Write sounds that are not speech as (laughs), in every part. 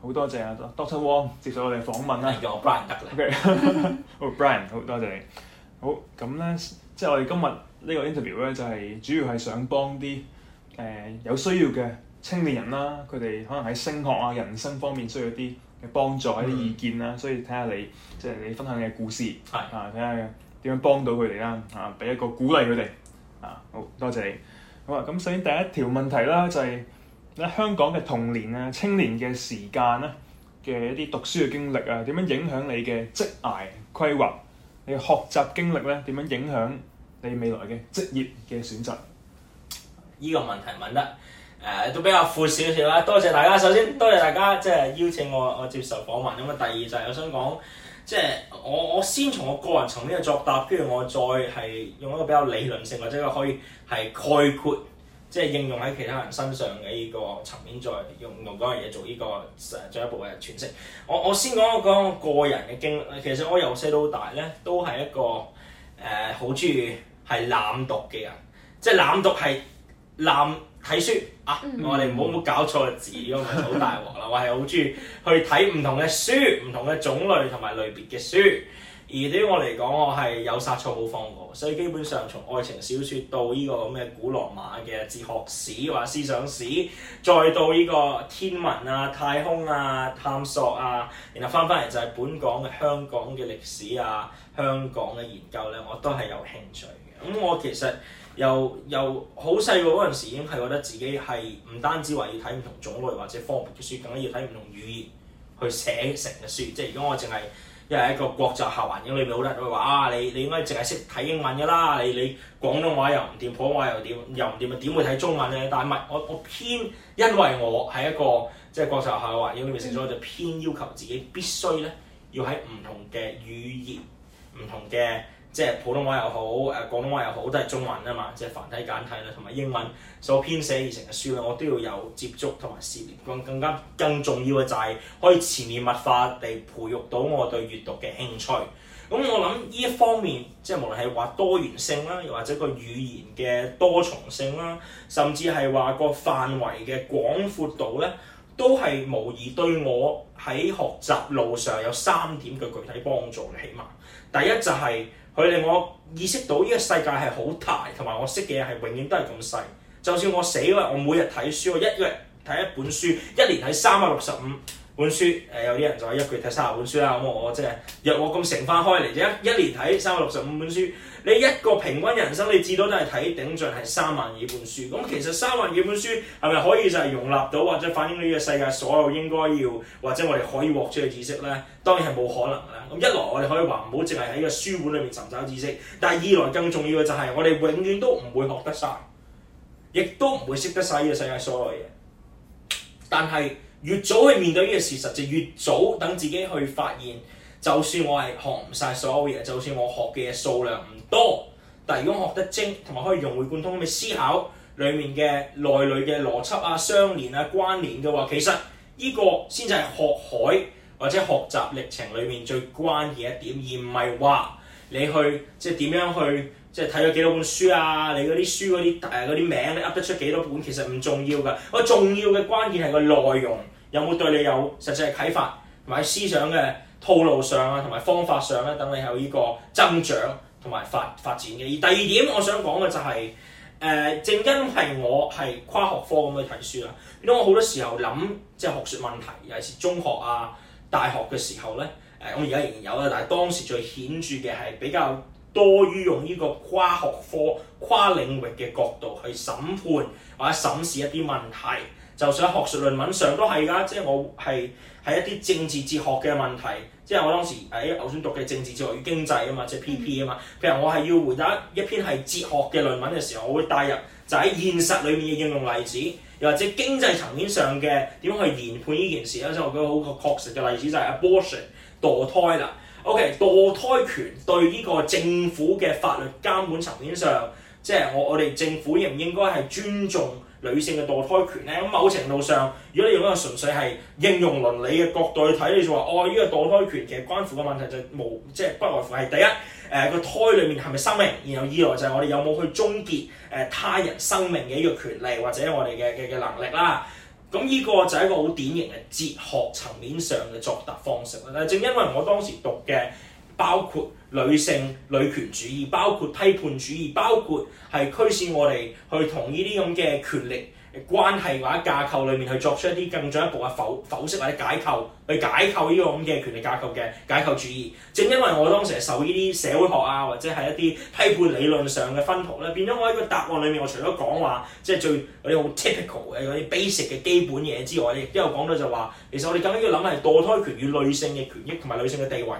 好多謝啊，Doctor Wong 接受我哋訪問啦。Brian 得啦。Brian 好， (laughs) Brian，好多謝你。好，咁咧，即係我哋今日呢個 interview 咧，就係、是、主要係想幫啲誒、呃、有需要嘅青年人啦，佢哋可能喺升學啊、人生方面需要啲幫助、啲、嗯、意見啦，所以睇下你即係、就是、你分享嘅故事，的啊，睇下點樣幫到佢哋啦，啊，俾一個鼓勵佢哋。啊，好多謝你。好啊，咁首先第一條問題啦、就是，就係。香港嘅童年啊、青年嘅時間咧嘅一啲讀書嘅經歷啊，點樣影響你嘅職涯規劃？你嘅學習經歷咧，點樣影響你未來嘅職業嘅選擇？呢個問題問得誒、呃、都比較闊少少啦，多謝大家。首先多謝大家即係邀請我我接受訪問咁啊。第二就係我想講，即係我我先從我個人層面嘅作答，跟住我再係用一個比較理論性或者一個可以係概括。即係應用喺其他人身上嘅呢個層面，再用用嗰樣嘢做呢個誒進一步嘅詮釋。我我先講講個人嘅經歷。其實我由細到大咧，都係一個誒好中意係濫讀嘅人。即係濫讀係濫睇書啊！我哋唔好唔好搞錯個字，咁咪好大鑊啦。 (laughs) 我係好中意去睇唔同嘅書，唔同嘅種類同埋類別嘅書。而對於我嚟講，我係有殺錯冇放過，所以基本上從愛情小説到呢個咁嘅古羅馬嘅哲學史或思想史，再到呢個天文啊、太空啊、探索啊，然後翻返嚟就係本港嘅香港嘅歷史啊、香港嘅研究咧，我都係有興趣嘅。咁我其實由由好細個嗰陣時已經係覺得自己係唔單止話要睇唔同種類或者科目嘅書，更加要睇唔同語言去寫成嘅書。即係如果我淨係因係一個國際校環境，你咪好多啦，佢話啊，你你應該淨係識睇英文嘅啦，你你廣東話又唔掂，普通話又掂，又唔掂啊，點會睇中文咧？但係唔我我偏因為我係一個即係、就是、國際學校嘅環境裏面成長，我就偏要求自己必須咧，要喺唔同嘅語言、唔同嘅。即係普通話又好，誒、呃、廣東話又好，都係中文啊嘛。即係繁體簡體啦，同埋英文所編寫而成嘅書咧，我都要有接觸同埋涉獵。咁更，更加更重要嘅就係可以潛移默化地培育到我對閱讀嘅興趣。咁我諗呢一方面，即係無論係話多元性啦，又或者個語言嘅多重性啦，甚至係話個範圍嘅廣闊度咧，都係無疑對我喺學習路上有三點嘅具體幫助嘅。起碼第一就係、是。佢令我意識到呢個世界係好大，同埋我識嘅嘢係永遠都係咁細。就算我死啦，我每日睇書，我一日睇一本書，一年睇三百六十五本書。誒、呃，有啲人就係一個月睇三十本書啦。咁我即係、就是、若我咁乘翻開嚟啫，一年睇三百六十五本書。你一個平均人生，你至多都係睇頂盡係三萬幾本書。咁其實三萬幾本書係咪可以就係容納到或者反映呢個世界所有應該要或者我哋可以獲取嘅知識咧？當然係冇可能啦。咁一來我哋可以話唔好，淨係喺個書本裏面尋找知識。但係二來更重要嘅就係我哋永遠都唔會學得晒，亦都唔會識得晒呢個世界所有嘢。但係越早去面對呢個事實，就越早等自己去發現，就算我係學唔晒所有嘢，就算我學嘅嘢數量唔，多，但係如果學得精，同埋可以融會貫通咁嘅思考，裡面嘅內裏嘅邏輯啊、相連啊、關聯嘅話，其實呢個先至係學海或者學習歷程裡面最關鍵一點，而唔係話你去即係點樣去即係睇咗幾多本書啊，你嗰啲書嗰啲誒啲名你噏得出幾多本，其實唔重要噶。我重要嘅關鍵係個內容有冇對你有實際嘅啟發，同埋思想嘅套路上啊，同埋方法上咧，等你有呢個增長。同埋發發展嘅，而第二點我想講嘅就係、是，誒、呃、正因為我係跨學科咁去睇書啦，因為我好多時候諗，即係學術問題，尤其是中學啊、大學嘅時候咧，誒、呃、我而家仍然有啦，但係當時最顯著嘅係比較多於用呢個跨學科、跨領域嘅角度去審判或者審視一啲問題，就算學術論文上都係㗎，即係我係係一啲政治哲學嘅問題。即係我當時喺牛津讀嘅政治哲學與經濟啊嘛，即係 P P 啊嘛。譬如我係要回答一篇係哲學嘅論文嘅時候，我會帶入就喺現實裡面嘅應用例子，又或者經濟層面上嘅點去研判呢件事咧。即係我舉好個確實嘅例子，就係 abortion 墮胎啦。O K。墮胎權對呢個政府嘅法律監管層面上，即係我我哋政府應唔應該係尊重？女性嘅墮胎權咧，咁某程度上，如果你用一個純粹係應用倫理嘅角度去睇，你就話哦，呢個墮胎權其實關乎嘅問題就冇，即係不外乎係第一，誒個胎裡面係咪生命，然後二來就係我哋有冇去終結誒他人生命嘅一個權利或者我哋嘅嘅能力啦。咁呢個就係一個好典型嘅哲學層面上嘅作答方式啦。但正因為我當時讀嘅。包括女性女權主義，包括批判主義，包括係驅使我哋去同呢啲咁嘅權力關係或者架構裏面去作出一啲更進一步嘅否否釋或者解構，去解構呢個咁嘅權力架構嘅解構主義。正因為我當時係受呢啲社會學啊，或者係一啲批判理論上嘅薰陶咧，變咗我喺個答案裏面，我除咗講話即係最嗰啲好 typical 嘅嗰啲 basic 嘅基本嘢之外，亦都有講到就話，其實我哋更加要諗係墮胎權與女性嘅權益同埋女性嘅地位。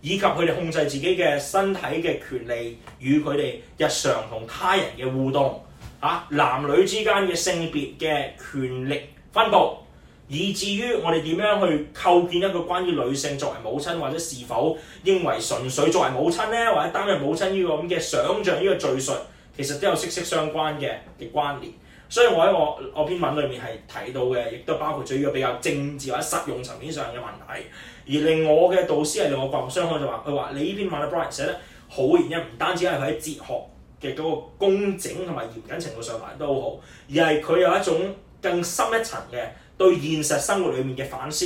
以及佢哋控制自己嘅身體嘅權利，與佢哋日常同他人嘅互動，嚇、啊、男女之間嘅性別嘅權力分佈，以至於我哋點樣去構建一個關於女性作為母親或者是否認為純粹作為母親呢？或者擔任母親呢個咁嘅想像呢個敘述，其實都有息息相關嘅嘅關聯。所以我喺我我篇文裏面係提到嘅，亦都包括咗呢個比較政治或者實用層面上嘅問題。而令我嘅導師係令我刮目相看就話，佢話你呢篇《Modern Bright》寫得好嘅原因唔單止係佢喺哲學嘅嗰個工整同埋嚴謹程度上嚟都好，而係佢有一種更深一層嘅對現實生活裡面嘅反思，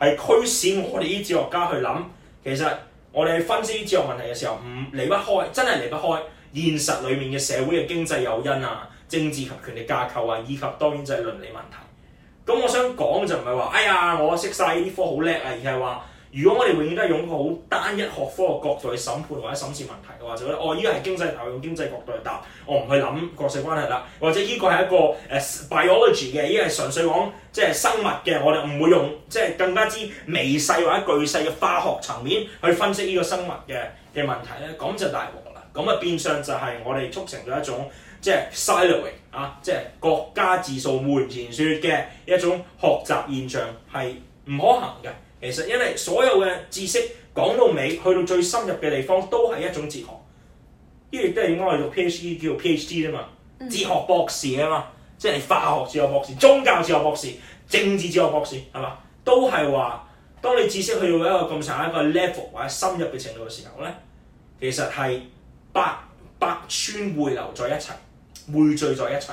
係驅使我哋依啲哲學家去諗。其實我哋去分析啲哲學問題嘅時候，唔離不開，真係離不開現實裡面嘅社會嘅經濟誘因啊、政治及權力架構啊，以及當然就係倫理問題。咁我想講就唔係話，哎呀，我識晒呢科好叻啊，而係話，如果我哋永遠都係用好單一學科嘅角度去審判或者審視問題嘅話，就覺得哦，依個係經濟大，我用經濟角度去答，我唔去諗國際關係啦，或者依個係一個誒 biology 嘅，依個係純粹講即係生物嘅，我哋唔會用即係、就是、更加之微細或者巨細嘅化學層面去分析呢個生物嘅嘅問題咧，咁就大鑊啦。咁啊變相就係我哋促成咗一種。即係 siloing 啊！即係各家自掃門前雪嘅一種學習現象係唔可行嘅。其實因為所有嘅知識講到尾，去到最深入嘅地方都係一種哲學。因為都係我哋讀 PhD 叫 PhD 啊嘛，哲學博士啊嘛，即係化學哲學博士、宗教哲學博士、政治哲學博士，係嘛？都係話，當你知識去到一個咁上下一個 level 或者深入嘅程度嘅時候咧，其實係百百川匯流在一齊。匯聚在一齊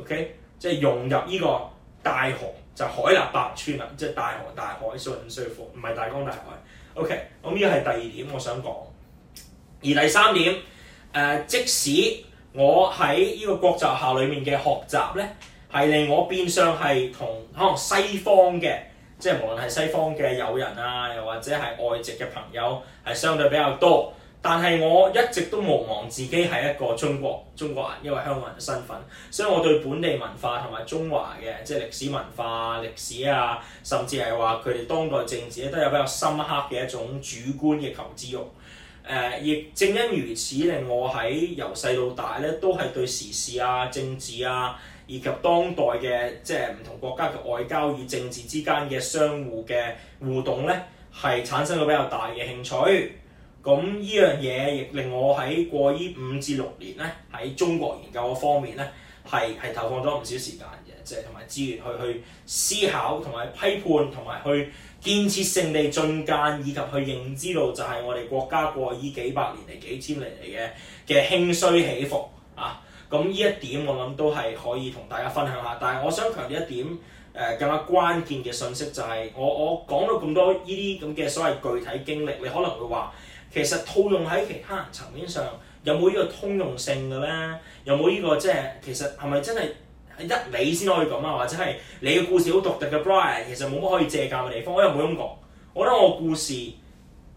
，OK，即係融入呢個大河，就是、海納百川啦，即係大河大海，所以咁舒服，唔係大江大海。OK，咁呢個係第二點我想講。而第三點，誒、呃，即使我喺呢個國際學校裡面嘅學習咧，係令我變相係同可能西方嘅，即係無論係西方嘅友人啊，又或者係外籍嘅朋友，係相對比較多。但係我一直都無忘自己係一個中國中國人，因為香港人嘅身份，所以我對本地文化同埋中華嘅即係歷史文化啊、歷史啊，甚至係話佢哋當代政治咧，都有比較深刻嘅一種主觀嘅求知欲。誒、呃，亦正因如此，令我喺由細到大咧，都係對時事啊、政治啊，以及當代嘅即係唔同國家嘅外交與政治之間嘅相互嘅互動咧，係產生咗比較大嘅興趣。咁呢樣嘢亦令我喺過去五至六年咧，喺中國研究嘅方面咧，係係投放咗唔少時間嘅，即係同埋資源去去思考同埋批判同埋去建設性地進諫，以及去認知到就係我哋國家過去幾百年嚟幾千年嚟嘅嘅興衰起伏啊。咁呢一點我諗都係可以同大家分享下，但係我想強調一點，誒更加關鍵嘅信息就係、是、我我講到咁多呢啲咁嘅所謂具體經歷，你可能會話。其實套用喺其他人層面上，有冇呢個通用性嘅咧？有冇呢個，即係其實係咪真係一你先可以咁啊？或者係你嘅故事好獨特嘅，Brian 其實冇乜可以借鑑嘅地方。我又冇咁講，我覺得我故事一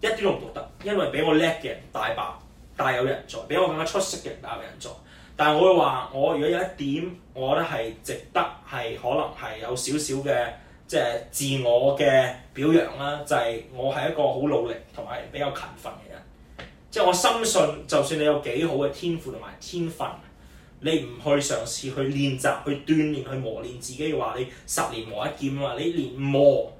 啲都唔獨特，因為比我叻嘅人大把，大有人在，比我更加出色嘅人大有人在。但係我會話，我如果有一點，我覺得係值得係可能係有少少嘅。即係自我嘅表揚啦，就係、是、我係一個好努力同埋比較勤奮嘅人。即係我深信，就算你有幾好嘅天賦同埋天分，你唔去嘗試去練習、去鍛鍊、去磨練自己嘅話，你十年磨一劍啊嘛，你連磨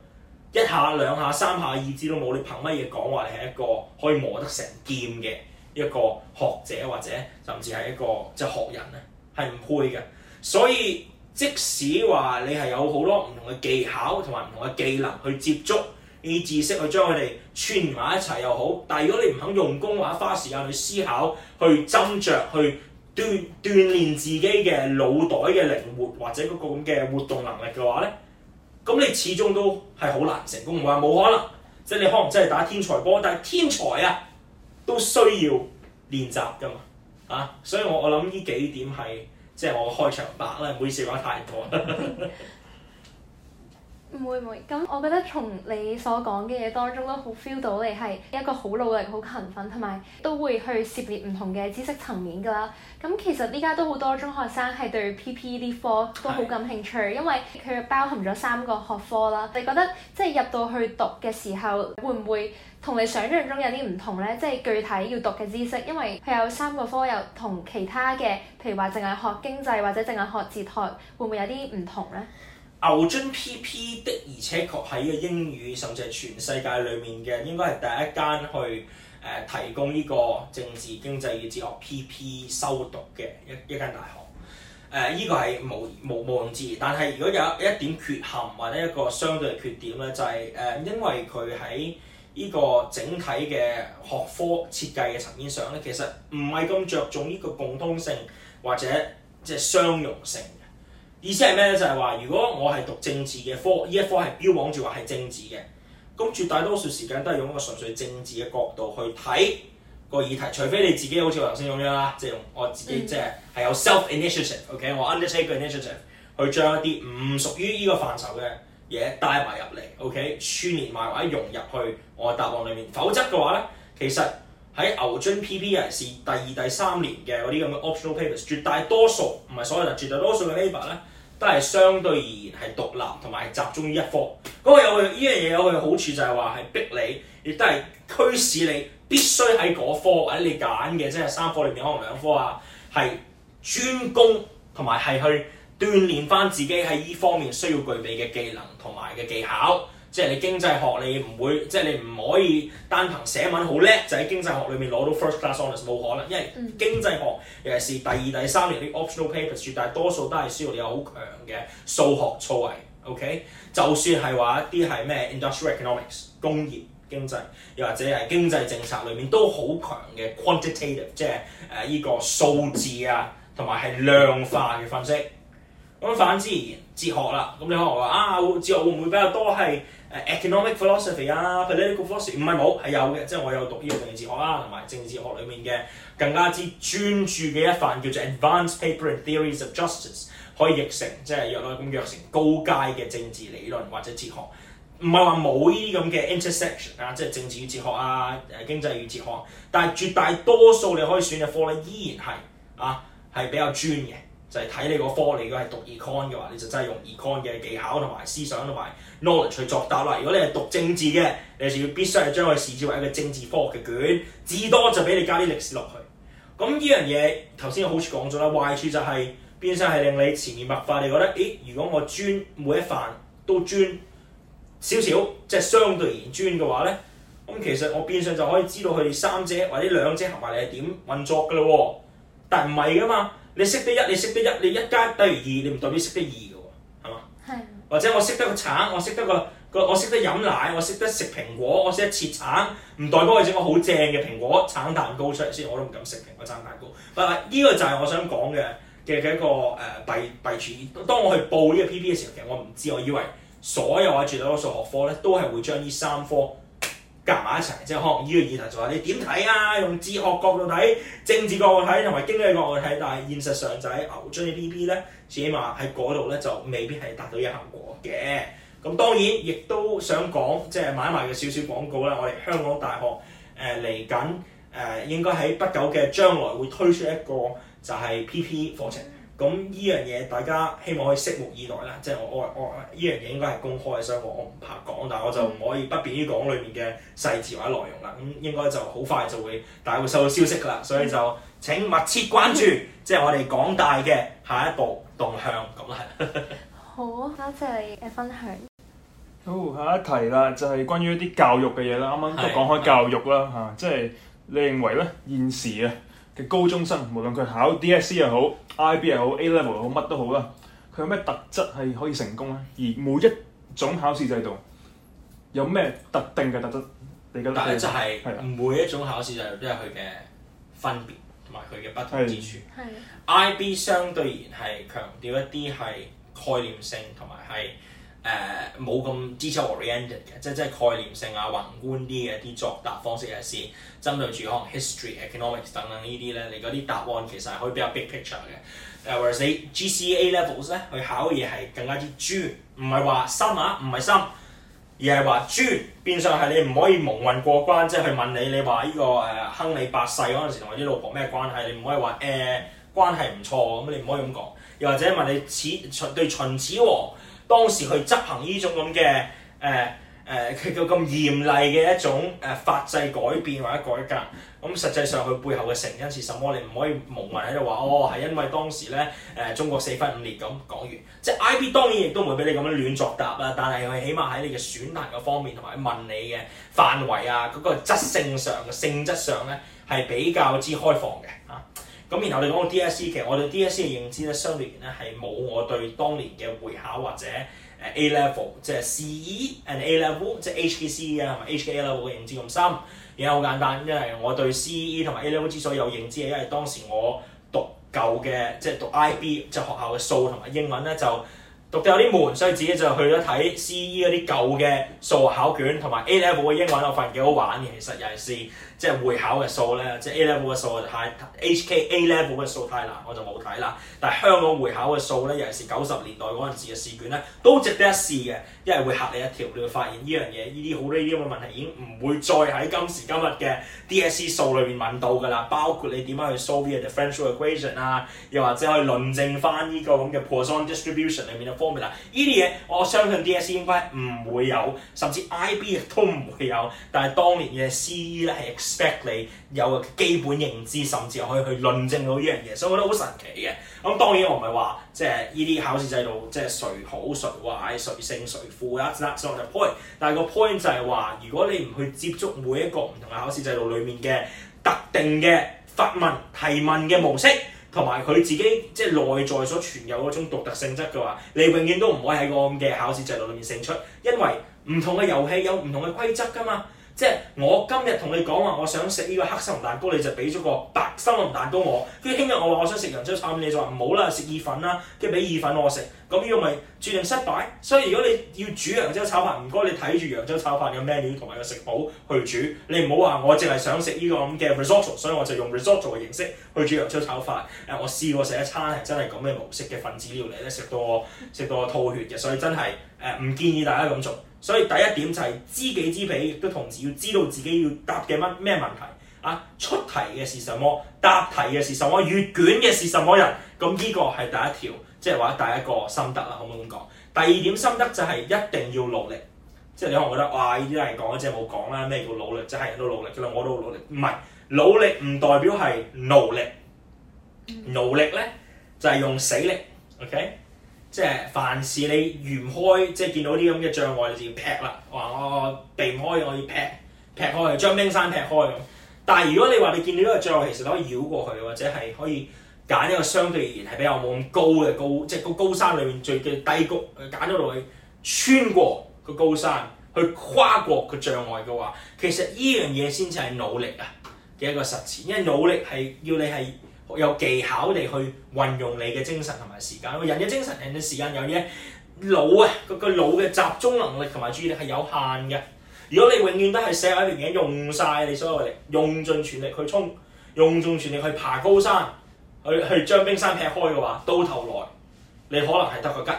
一下兩下三下意思都冇，你憑乜嘢講話你係一個可以磨得成劍嘅一個學者或者甚至係一個即係、就是、學人咧，係唔配嘅。所以。即使話你係有好多唔同嘅技巧同埋唔同嘅技能去接觸呢啲知識，去將佢哋串埋一齊又好。但係如果你唔肯用功，或者花時間去思考、去斟酌、去鍛鍛鍊自己嘅腦袋嘅靈活或者嗰個咁嘅活動能力嘅話咧，咁你始終都係好難成功。唔話冇可能，即係你可能真係打天才波，但係天才啊都需要練習㗎嘛。啊，所以我我諗呢幾點係。即係我嘅開場白啦，唔好意思講太多。 (laughs) 唔會唔會，咁我覺得從你所講嘅嘢當中都好 feel 到你係一個好努力、好勤奮，同埋都會去涉獵唔同嘅知識層面噶啦。咁其實依家都好多中學生係對 PPE 呢科都好感興趣，是因為佢包含咗三個學科啦。你覺得即係、就是、入到去讀嘅時候，會唔會同你想象中有啲唔同呢？即、就、係、是、具體要讀嘅知識，因為佢有三個科，又同其他嘅，譬如話淨係學經濟或者淨係學哲學，會唔會有啲唔同呢？牛津 P.P. 的而且確喺個英語，甚至係全世界裏面嘅應該係第一間去誒、呃、提供呢個政治經濟與哲學 P.P. 修讀嘅一一間大學誒呢、呃，這個係無無庸置疑。但係如果有一點缺陷或者一個相對嘅缺點咧，就係、是、誒、呃、因為佢喺依個整體嘅學科設計嘅層面上咧，其實唔係咁着重呢個共通性或者即係相容性。意思係咩咧？就係話，如果我係讀政治嘅科，依一科係標榜住話係政治嘅，咁絕大多數時間都係用一個純粹政治嘅角度去睇個議題，除非你自己好似我頭先咁樣啦，即係用我自己、嗯、即係係有 self initiative，OK，我 undertake initiative 去將一啲唔屬於呢個範疇嘅嘢帶埋入嚟，OK，串聯埋或者融入去我嘅答案裡面。否則嘅話咧，其實喺牛津 PPE 尤其是第二、第三年嘅嗰啲咁嘅 optional papers，絕大多數唔係所有，但係絕大多數嘅 paper 咧，都係相對而言係獨立同埋集中於一科，咁、那、我、個、有佢呢樣嘢有佢嘅好處就係話係逼你，亦都係驅使你必須喺嗰科或者你揀嘅即係三科裏面可能兩科啊，係專攻同埋係去鍛鍊返自己喺呢方面需要具備嘅技能同埋嘅技巧。即係你經濟學你唔會，即係你唔可以單憑寫文好叻就喺經濟學裏面攞到 first class honors 冇可能，因為經濟學尤其是第二、第三年啲 optional papers 絕大多數都係需要你有好強嘅數學素質，OK？就算係話一啲係咩 industrial economics 工業經濟，又或者係經濟政策裏面都好強嘅 quantitative，即係誒呢個數字啊，同埋係量化嘅分析。咁反之而言，哲學啦，咁你可能話啊，哲學會唔會比較多係？economic philosophy 啊，political philosophy 唔係冇，係有嘅，即係我有讀呢個政治學啊，同埋政治學裏面嘅更加之專注嘅一份叫做 advanced paper and theories of justice，可以譯成即係約咗咁約成高階嘅政治理論或者哲學，唔係話冇呢啲咁嘅 intersection 啊，即係政治與哲學啊，誒經濟與哲學，但係絕大多數你可以選嘅科咧，依然係啊，係比較專嘅。就係睇你個科，你如果係讀 econ 嘅話，你就真係用 econ 嘅技巧同埋思想同埋 knowledge 去作答啦。如果你係讀政治嘅，你就要必須係將佢視之為一個政治科學嘅卷，至多就俾你加啲歷史落去。咁呢樣嘢頭先好似講咗啦，壞處就係變相係令你潛移默化你覺得，咦、欸？如果我專每一範都專少少，即係相對而專嘅話咧，咁其實我變相就可以知道佢哋三者或者兩者合埋嚟係點運作嘅咯喎，但唔係噶嘛。你識得一，你識得一，你一加一等於二，你唔代表識得二㗎喎，係嘛？的或者我識得個橙，我識得個個，我識得飲奶，我識得食蘋果，我識得切橙，唔代表我整個好正嘅蘋果橙蛋糕出嚟先，我都唔敢食蘋果橙蛋糕。但嗱，呢個就係我想講嘅嘅一個誒弊弊處。當我去報呢個 P P 嘅時候，其實我唔知，我以為所有啊絕大多數學科咧都係會將呢三科。夾埋一齊，即係學呢個議題，就話你點睇啊？用哲學角度睇、政治角度睇同埋經濟角度睇，但係現實上就喺牛津嘅 P P 咧，至起碼喺嗰度咧就未必係達到一個效果嘅。咁當然亦都想講，即係買埋嘅少少廣告咧，我哋香港大學誒嚟緊誒應該喺不久嘅將來會推出一個就係 P P 課程。咁呢樣嘢大家希望可以拭目以待啦，即係我我我呢樣嘢應該係公開，所以我我唔怕講，但係我就唔可以不便於講裏面嘅細節或者內容啦。咁、嗯、應該就好快就會，大家會收到消息㗎啦。所以就請密切關注，即係 (laughs) 我哋港大嘅下一步動向。咁啦， (laughs) 好，多謝你嘅分享。好，下一題啦，就係關於一啲教育嘅嘢啦。啱啱都講開教育啦，嚇的，即係，啊，你認為咧現時啊？高中生無論佢考 DSE 又好 IB 又好 A Level 又好乜都好啦，佢有咩特質係可以成功咧？而每一種考試制度有咩特定嘅特質？你覺得？但係就係每一種考試制度都有佢嘅分別同埋佢嘅不同之處。IB 相對而言係強調一啲係概念性同埋係。誒冇咁 detail oriented 嘅，即係即係概念性啊、宏觀啲嘅啲作答方式嘅事。針對住可能 history、economics 等等呢啲咧，你嗰啲答案其實係可以比較 big picture 嘅。誒，或者你 GCA levels 咧，佢考嘅嘢係更加之豬，唔係話深啊，唔係深，而係話豬。變相係你唔可以蒙混過關，即係去問你，你話呢個誒亨利八世嗰陣時同啲老婆咩關係？你唔可以話誒關係唔錯咁，你唔可以咁講。又或者問你始秦對秦始皇。當時去執行呢種咁嘅誒誒叫咁嚴厲嘅一種誒、呃、法制改變或者改革，咁、嗯、實際上佢背後嘅成因是什麼？你唔可以矇混喺度話哦係因為當時咧誒、呃、中國四分五裂咁講完，即係 I B 當然亦都唔會俾你咁樣亂作答啦，但係佢起碼喺你嘅選擇嘅方面同埋問你嘅範圍啊嗰、那個質性上嘅性質上咧係比較之開放嘅啊。咁然後你講到 DSE 其實我對 DSE 嘅認知咧，相對嚟咧係冇我對當年嘅會考或者誒 A level 即係 CE and A level 即係 HKCE 啊同埋 HKAL 嘅認知咁深。然後好簡單，因為我對 CE 同埋 A level 之所以有認知，係因為當時我讀舊嘅即係讀 IB 即係學校嘅數同埋英文咧，就讀得有啲悶，所以自己就去咗睇 CE 嗰啲舊嘅數學考卷同埋 A level 嘅英文，我發現幾好玩嘅，其實又係試。即係會考嘅數咧，即係 A level 嘅數太 HK A level 嘅數太難，我就冇睇啦。但係香港會考嘅數咧，尤其是九十年代嗰陣時嘅試卷咧，都值得一試嘅。因為會嚇你一跳，你會發現呢樣嘢，呢啲好咧，呢啲咁嘅問題已經唔會再喺今時今日嘅 DSE 數裏面問到㗎啦。包括你點樣去 solve the differential equation 啊，又或者去論證翻呢個咁嘅 poisson distribution 裏面嘅 formula，呢啲嘢我相信 DSE 應該唔會有，甚至 IB 都唔會有。但係當年嘅 CE 咧，係～s p 你有個基本認知，甚至可以去論證到呢樣嘢，所以我覺得好神奇嘅。咁當然我唔係話即係呢啲考試制度即係誰好誰壞誰勝誰負啊，set up the point。但係個 point 就係話，如果你唔去接觸每一個唔同嘅考試制度裡面嘅特定嘅發問、提問嘅模式，同埋佢自己即係內在所存有嗰種獨特性質嘅話，你永遠都唔會喺個咁嘅考試制度裡面勝出，因為唔同嘅遊戲有唔同嘅規則㗎嘛。即係我今日同你講話，我想食呢個黑森林蛋糕，你就俾咗個白森林蛋糕我。跟住聽日我話我想食揚州炒飯，你就話唔好啦，食意粉啦，跟住俾意粉我食。咁呢個咪注定失敗。所以如果你要煮揚州炒飯，唔該你睇住揚州炒飯嘅 menu 同埋個食譜去煮。你唔好話我淨係想食呢個咁嘅 result，所以我就用 result 嘅形式去煮揚州炒飯。誒，我試過食一餐係真係咁嘅模式嘅分子料理咧，食到我食到我吐血嘅，所以真係誒唔建議大家咁做。所以第一點就係知己知彼，亦都同時要知道自己要答嘅乜咩問題啊？出題嘅係什麼？答題嘅係什麼？閱卷嘅係什麼人？咁、嗯、呢、呢個係第一條，即係話第一個心得啦，可唔可以咁講？第二點心得就係一定要努力。即係你可能覺得，哇！呢啲都係講，即係冇講啦。咩叫努力？即係人都努力，其實我都努力。唔係努力唔代表係努力，努力咧就係、是、用死力。OK。即係凡事你遇唔開，即係見到啲咁嘅障礙，你就要劈啦，話、哦、我避唔開，我要劈劈開佢，將冰山劈開咁。但係如果你話你見到呢個障礙，其實都可以繞過去，或者係可以揀一個相對而言係比較冇咁高嘅高，即、就、係、是、個高山裏面最嘅低谷，揀咗落去穿過個高山，去跨過個障礙嘅話，其實呢樣嘢先至係努力啊嘅一個實踐，因為努力係要你係。有技巧地去運用你嘅精神同埋時間。人嘅精神、人嘅時間有嘢，咧，腦啊，個個腦嘅集中能力同埋注意力係有限嘅。如果你永遠都係寫喺邊嘅用晒你所有嘅力，用盡全力去衝，用盡全力去爬高山，去去將冰山劈開嘅話，到頭來你可能係得個吉，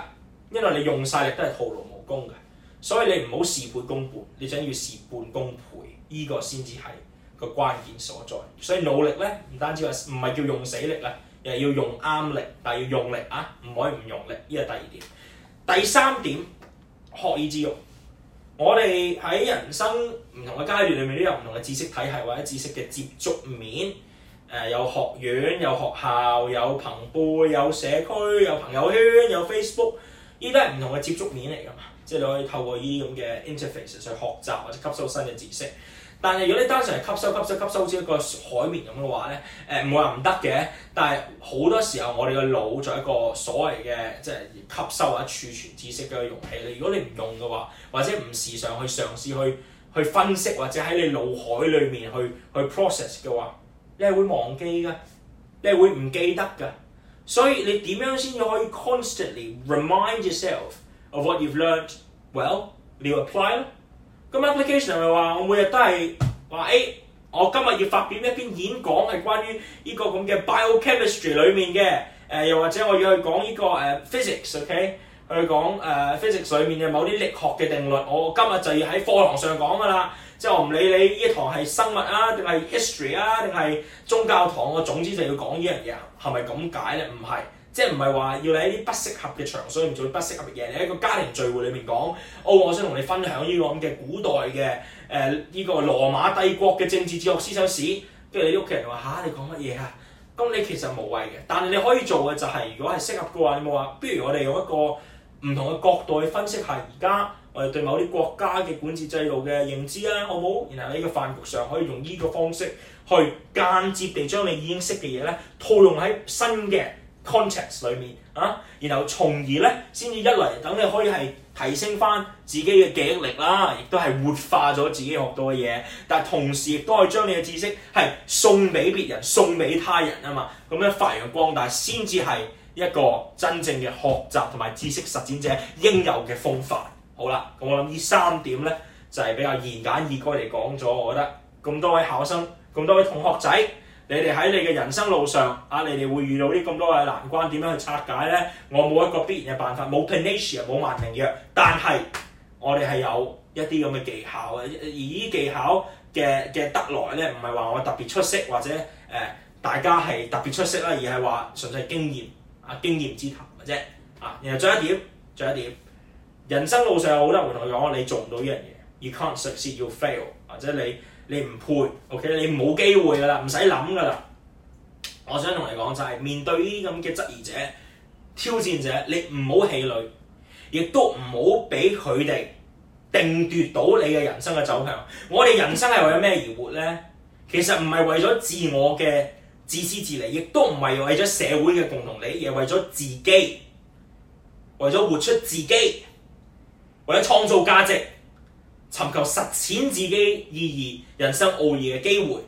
因為你用晒力都係徒勞無功嘅。所以你唔好事半功倍，你想要事半功倍，呢、呢個先至係。個關鍵所在，所以努力咧，唔單止話唔係要用死力啦，又要用啱力，但係要用力啊，唔可以唔用力，呢個係第二點。第三點，學以致用。我哋喺人生唔同嘅階段裏面都有唔同嘅知識體系或者知識嘅接觸面。誒、呃，有學院，有學校，有朋輩，有社區，有朋友圈，有 Facebook，呢都係唔同嘅接觸面嚟㗎嘛。即係你可以透過呢啲咁嘅 interface 去學習或者吸收新嘅知識。但係如果你單純係吸收、吸收、吸收似一個海綿咁嘅話咧，誒，唔話唔得嘅。但係好多時候，我哋嘅腦作一個所謂嘅即係吸收或者儲存知識嘅容器。你如果你唔用嘅話，或者唔時常去嘗試去去分析或者喺你腦海裡面去去 process 嘅話，你係會忘記㗎，你係會唔記得㗎。所以你點樣先至可以 constantly remind yourself of what you've l e a r n e d Well，you apply？、It. 咁 application 咪話我每日都係話誒，我今日要發表一篇演講係關於呢個咁嘅 biochemistry 裏面嘅，誒、呃、又或者我要去講呢、這個誒 physics，ok、uh, 去講誒 physics 裏、okay? uh, 面嘅某啲力學嘅定律，我今日就要喺課堂上講噶啦。即係我唔理你呢堂係生物啊，定係 history 啊，定係宗教堂，我總之就要講呢樣嘢，係咪咁解咧？唔係。即係唔係話要你喺啲不適合嘅場所裏面做啲不適合嘅嘢？你喺一個家庭聚會裏面講，哦，我想同你分享呢個咁嘅古代嘅誒呢個羅馬帝國嘅政治哲學思想史。跟住你屋企人話嚇、啊，你講乜嘢啊？咁你其實無謂嘅。但係你可以做嘅就係、是，如果係適合嘅話，你冇話，不如我哋用一個唔同嘅角度去分析下而家我哋對某啲國家嘅管治制度嘅認知啦，好冇？然後喺個飯局上可以用呢個方式去間接地將你已經識嘅嘢咧套用喺新嘅。context 裏面啊，然後從而咧，先至一嚟等你可以係提升翻自己嘅記憶力啦，亦都係活化咗自己學到嘅嘢。但係同時亦都係將你嘅知識係送俾別人、送俾他人啊嘛，咁樣發揚光大，先至係一個真正嘅學習同埋知識實踐者應有嘅風範。好啦，咁我諗呢三點咧就係、是、比較言簡意賅嚟講咗，我覺得咁多位考生、咁多位同學仔。你哋喺你嘅人生路上，啊，你哋會遇到啲咁多嘅難關，點樣去拆解咧？我冇一個必然嘅辦法，冇 panacea 冇萬能藥。但係我哋係有一啲咁嘅技巧嘅，而呢技巧嘅嘅得來咧，唔係話我特別出色，或者誒、呃、大家係特別出色啦，而係話純粹經驗啊經驗之談嘅啫。啊，然後最後一點，最後一點，人生路上，有人我好多回同你講，你做唔到一樣嘢，you can't succeed you fail，或者你。你唔配，OK？你冇機會噶啦，唔使諗噶啦。我想同你講就係、是、面對呢啲咁嘅質疑者、挑戰者，你唔好氣餒，亦都唔好俾佢哋定奪到你嘅人生嘅走向。我哋人生係為咗咩而活咧？其實唔係為咗自我嘅自私自利，亦都唔係為咗社會嘅共同利益，而係為咗自己，為咗活出自己，為咗創造價值。尋求實踐自己意義、人生奧義嘅機會，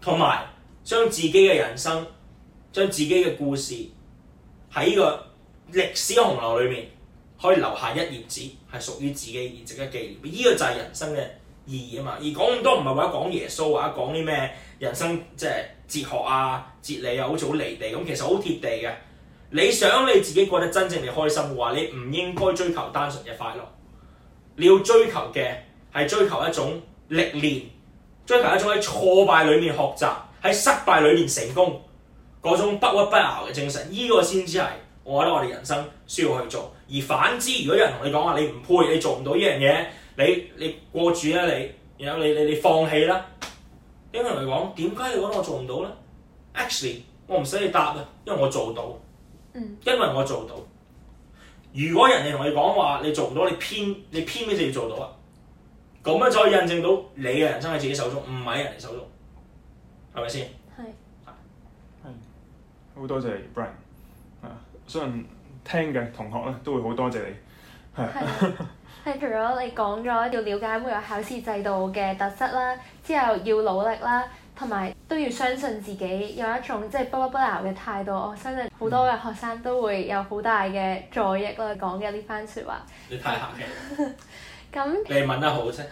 同埋將自己嘅人生、將自己嘅故事喺呢個歷史洪流裏面，可以留下一頁紙，係屬於自己而值得紀念。呢個就係人生嘅意義啊嘛！而講咁多唔係為咗講耶穌或者講啲咩人生即係哲學啊、哲理啊，好似好離地咁，其實好貼地嘅。你想你自己過得真正地開心嘅話，你唔應該追求單純嘅快樂，你要追求嘅。係追求一種歷練，追求一種喺挫敗裏面學習，喺失敗裏面成功嗰種不屈不撓嘅精神，呢、這個先至係我覺得我哋人生需要去做。而反之，如果有人同你講話你唔配，你做唔到呢樣嘢，你你，你過住啦你，然後你你你放棄啦。因為同你講，點解你覺得我做唔到咧？Actually，我唔使你答嘅，因為我做到。嗯。因為我做到。如果人哋同你講話你做唔到，你偏你偏咩就要做到啊？咁樣再印證到你嘅人生喺自己手中，唔喺人哋手中，係咪先？係是。係。好多謝 Brian，相信聽嘅同學咧都會好多謝你。係啊。係是 (laughs) 除咗你講咗要了解每個考試制度嘅特色啦，之後要努力啦，同埋都要相信自己，有一種即係、就是、不屈不撓嘅態度。我相信好多嘅學生都會有好大嘅助益啦，講嘅呢番説話。你太客氣。 (laughs) 咁你問得好啫。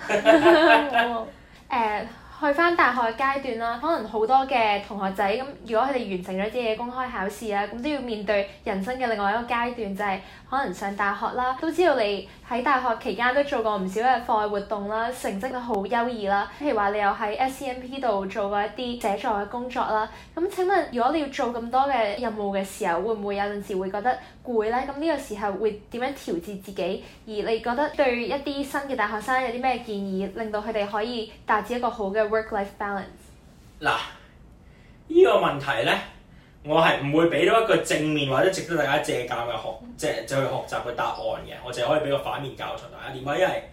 誒，去返大學階段啦，可能好多嘅同學仔咁，如果佢哋完成咗啲嘢公開考試啦，咁都要面對人生嘅另外一個階段，就係、是、可能上大學啦。都知道你喺大學期間都做過唔少嘅課外活動啦，成績都好優異啦。譬如話你又喺 SCMP 度做過一啲寫作嘅工作啦。咁請問，如果你要做咁多嘅任務嘅時候，會唔會有陣時會覺得攰咧，咁呢個時候會點樣調節自己？而你覺得對一啲新嘅大學生有啲咩建議，令到佢哋可以達至一個好嘅 work life balance？嗱，呢個問題咧，我係唔會俾到一個正面或者值得大家借鑑嘅學，即係、嗯、去學習嘅答案嘅。我淨係可以俾個反面教材大家。點解？因為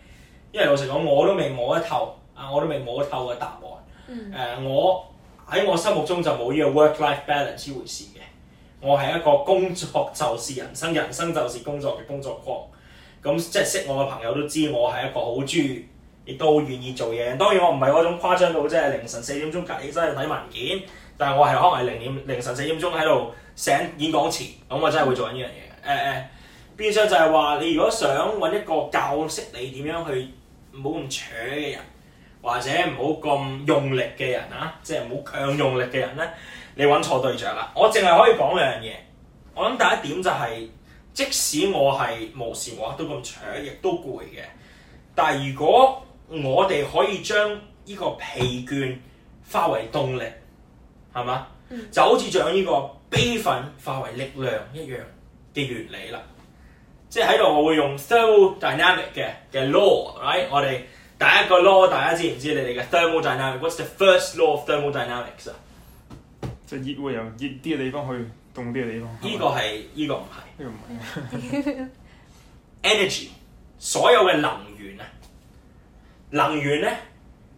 因為老實講，我都未摸得透，啊，我都未摸得透嘅答案。嗯。呃、我喺我心目中就冇呢個 work life balance 呢回事嘅。我係一個工作就是人生，人生就是工作嘅工作狂。咁即係識我嘅朋友都知，我係一個好豬，亦都好願意做嘢。當然我唔係嗰種誇張到即係凌晨四點鐘隔起身去睇文件。但係我係可能係零點凌晨四點鐘喺度寫演講詞，咁我真係會做緊呢樣嘢。誒、呃、誒，變相就係話你如果想揾一個教識你點樣去唔好咁扯嘅人，或者唔好咁用力嘅人啊，即係唔好強用力嘅人咧。你揾錯對象啦！我淨係可以講兩樣嘢。我諗第一點就係、是，即使我係無時無刻都咁攰，亦都攰嘅。但係如果我哋可以將呢個疲倦化為動力，係嘛？就好似將呢個悲憤化為力量一樣嘅原理啦。即係喺度，我會用 thermal dynamic 嘅嘅 law，right？我哋第一個 law 大家知唔知你哋嘅 thermal dynamic？What's the first law of thermal dynamics？就係熱會由熱啲嘅地方去凍啲嘅地方。呢個係呢吧個唔係。依個唔係。Energy，所有嘅能源啊，能源咧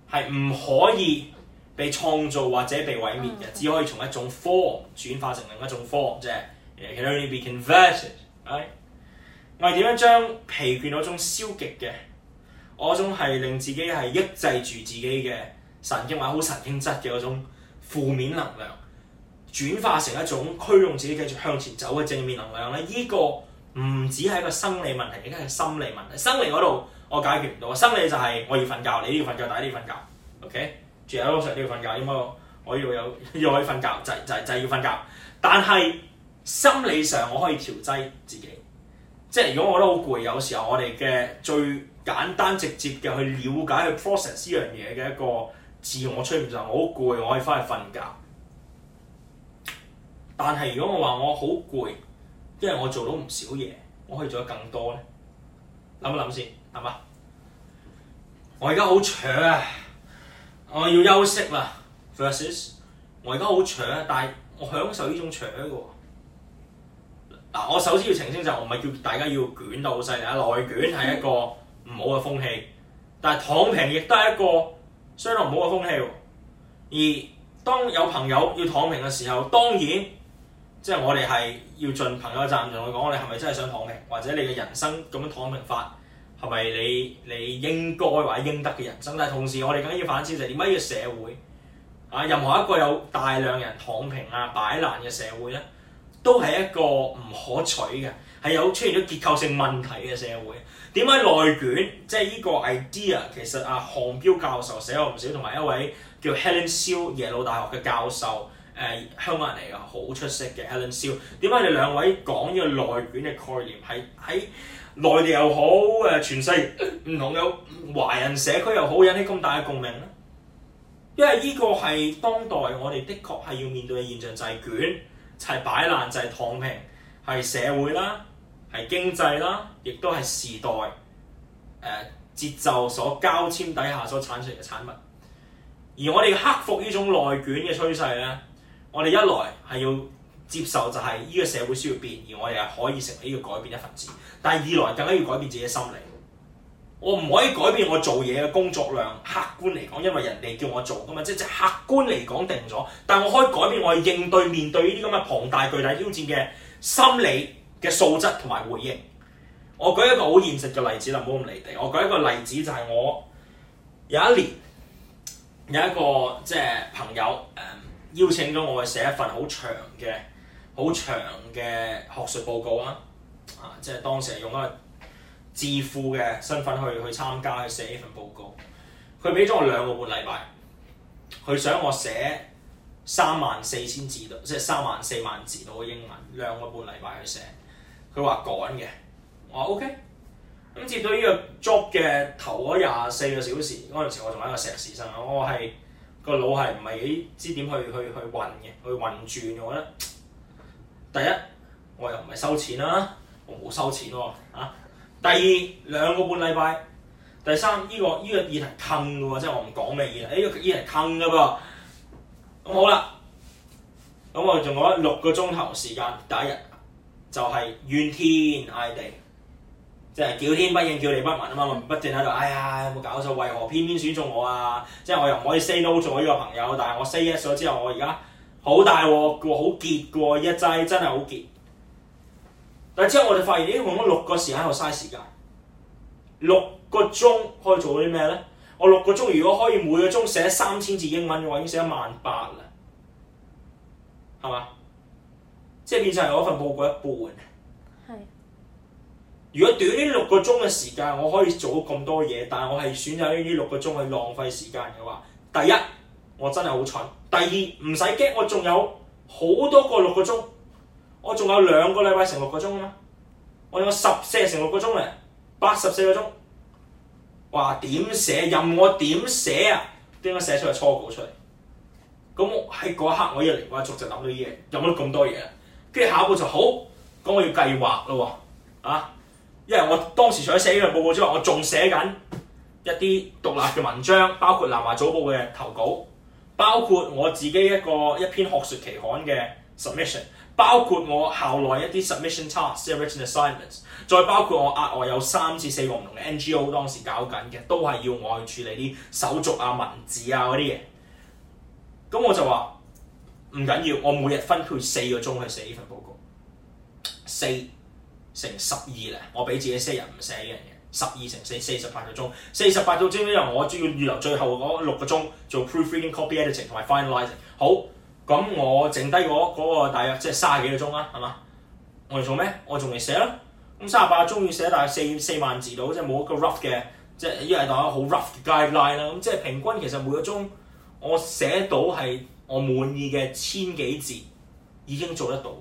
係唔可以被創造或者被毀滅嘅，只可以從一種 form 轉化成另一種 form 啫。It can only be converted，right? 我係點樣將疲倦嗰種消極嘅，嗰種係令自己係抑制住自己嘅神經或者好神經質嘅嗰種負面能量？轉化成一種驅動自己繼續向前走嘅正面能量咧，呢個唔止係一個生理問題，亦係心理問題。生理嗰度我解決唔到，生理就係我要瞓覺，你都要瞓覺，大家都要瞓覺，OK？住喺屋上都要瞓覺，應該我要有要可以瞓覺，就就就係要瞓覺。但係心理上我可以調劑自己，即係如果我覺得好攰，有時候我哋嘅最簡單直接嘅去了解去 process 呢樣嘢嘅一個自我催眠，就我好攰，我可以翻去瞓覺。但係如果我話我好攰，因為我做到唔少嘢，我可以做得更多咧。諗一諗先，係嘛？我而家好搶啊！我要休息啦。versus 我而家好搶，但係我享受呢種搶嘅喎。嗱，我首先要澄清就係，我唔係叫大家要捲到好犀利啊，內捲係一個唔好嘅風氣。但係躺平亦都係一個相當唔好嘅風氣。而當有朋友要躺平嘅時候，當然。即係我哋係要盡朋友嘅責任同佢講，我哋係咪真係想躺平，或者你嘅人生咁樣躺平法係咪你你應該或者應得嘅人生？但係同時我哋更加要反思就係點解呢個社會啊，任何一個有大量人躺平啊、擺爛嘅社會咧，都係一個唔可取嘅，係有出現咗結構性問題嘅社會。點解內卷？即係呢個 idea 其實啊，項飆教授寫咗唔少，同埋一位叫 Helen Siu 耶魯大學嘅教授。誒、呃、香港人嚟嘅好出色嘅 Alan Shaw 點解你哋兩位講呢個內卷嘅概念，係喺內地又好，誒、呃、全世唔同嘅華人社區又好，引起咁大嘅共鳴咧？因為呢個係當代我哋的確係要面對嘅現象，就係、是、卷，就係、是、擺爛，就係、是、躺平，係社會啦，係經濟啦，亦都係時代誒、呃、節奏所交纏底下所產出嚟嘅產物。而我哋克服呢種內卷嘅趨勢咧。我哋一來係要接受就係呢個社會需要變，而我哋係可以成為呢個改變一分子。但係二來更加要改變自己嘅心理。我唔可以改變我做嘢嘅工作量，客觀嚟講，因為人哋叫我做噶嘛，即係即客觀嚟講定咗。但我可以改變我應對面對呢啲咁嘅龐大巨大挑戰嘅心理嘅素質同埋回應。我舉一個好現實嘅例子啦，唔好咁離地。我舉一個例子就係我有一年有一個即係朋友誒。邀請咗我去寫一份好長嘅、好長嘅學術報告啊！啊，即係當時係用一個智庫嘅身份去去參加去寫呢份報告。佢俾咗我兩個半禮拜，佢想我寫三萬四千字到，即係三萬四萬字到嘅英文，兩個半禮拜去寫。佢話趕嘅，我話 OK。咁接到呢個 job 嘅頭嗰廿四個小時，嗰陣時我仲係個碩士生，我係。個腦係唔係知點去去去運嘅，去運轉？我覺得第一我又唔係收錢啦，我冇收錢喎啊！第二兩個半禮拜，第三呢個呢個議題坑嘅喎，即係我唔講咩嘢啦，呢個議題坑嘅噃。咁好啦，咁我仲攞六個鐘頭時間，第一日就係怨天唉地。即係叫天不應，叫地不聞啊嘛，我不斷喺度。哎呀，有冇搞錯？為何偏偏選中我啊？即係我又唔可以 say no 做呢個朋友，但係我 say yes 咗之後，我而家好大鑊嘅，好結嘅一劑，真係好結。但係之後我就發現，咦、欸，用咗六個時間喺度嘥時間，六個鐘可以做啲咩咧？我六個鐘如果可以每個鐘寫三千字英文嘅話，已經寫一萬八啦，係嘛？即係變成我份報告一半。如果短短六個鐘嘅時間，我可以做咗咁多嘢，但係我係選擇呢六個鐘去浪費時間嘅話，第一我真係好蠢，第二唔使驚，我仲有好多個六個鐘，我仲有兩個禮拜成六個鐘啊嘛，我用十四成六個鐘咧，八十四個鐘，哇點寫，任我點寫啊，點解寫出個初稿出嚟？咁我喺嗰一刻，我一嚟我逐隻諗到啲嘢，諗到咁多嘢，跟住下一步就好，咁我要計劃咯，啊！因為我當時除咗寫呢份報告之外，我仲寫緊一啲獨立嘅文章，包括南華早報嘅投稿，包括我自己一個一篇學術期刊嘅 submission，包括我校內一啲 submission task、service assignments，再包括我額外有三至四個唔同嘅 NGO 當時搞緊嘅，都係要我去處理啲手續啊、文字啊嗰啲嘢。咁我就話唔緊要，我每日分配四個鐘去寫呢份報告。四。成十二啦，我俾自己四日唔寫呢樣嘢，十二乘四四十八個鐘，四十八個鐘之後我要預留最後嗰六個鐘做 proofreading、copyediting 同埋 finalizing。好，咁我剩低嗰個大約即係三十幾個鐘啦，係嘛？我哋做咩？我仲未寫咯。咁三十八個鐘要寫大概四四萬字到，即係冇一個 rough 嘅，即係一係打好 rough 嘅 guideline 啦。咁即係平均其實每個鐘我寫到係我滿意嘅千幾字已經做得到。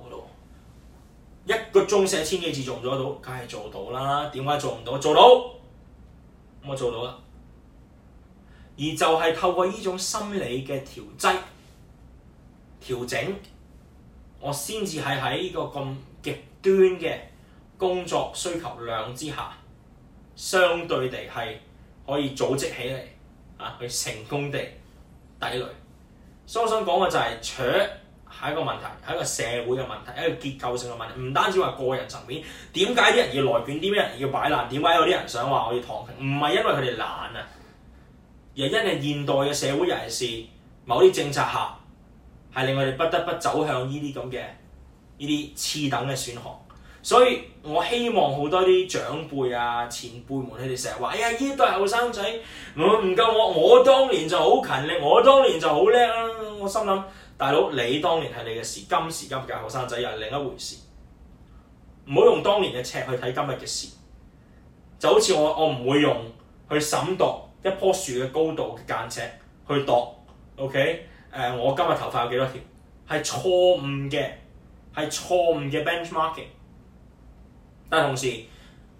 一個鐘寫千幾字做唔做到？梗係做到啦！點解做唔到？做到，咁我做到啦。而就係透過呢種心理嘅調劑、調整，我先至係喺呢個咁極端嘅工作需求量之下，相對地係可以組織起嚟啊，去成功地抵累。所以我想講嘅就係扯係一個問題，係一個社會嘅問題，一個結構性嘅問題，唔單止話個人層面。點解啲人要內卷？點解人要擺爛？點解有啲人想話我要躺平？唔係因為佢哋懶啊，而係因為現代嘅社會尤其是，某啲政策下，係令我哋不得不走向呢啲咁嘅呢啲次等嘅選項。所以我希望好多啲長輩啊、前輩們，佢哋成日話，哎呀，呢代後生仔，我唔夠我，我當年就好勤力，我當年就好叻啊！我心諗。大佬，你當年係你嘅事，今時今日嘅後生仔又係另一回事。唔好用當年嘅尺去睇今日嘅事，就好似我我唔會用去審度一棵樹嘅高度嘅間尺去度，OK？誒、呃，我今日頭髮有幾多條係錯誤嘅，係錯誤嘅 benchmark。但同時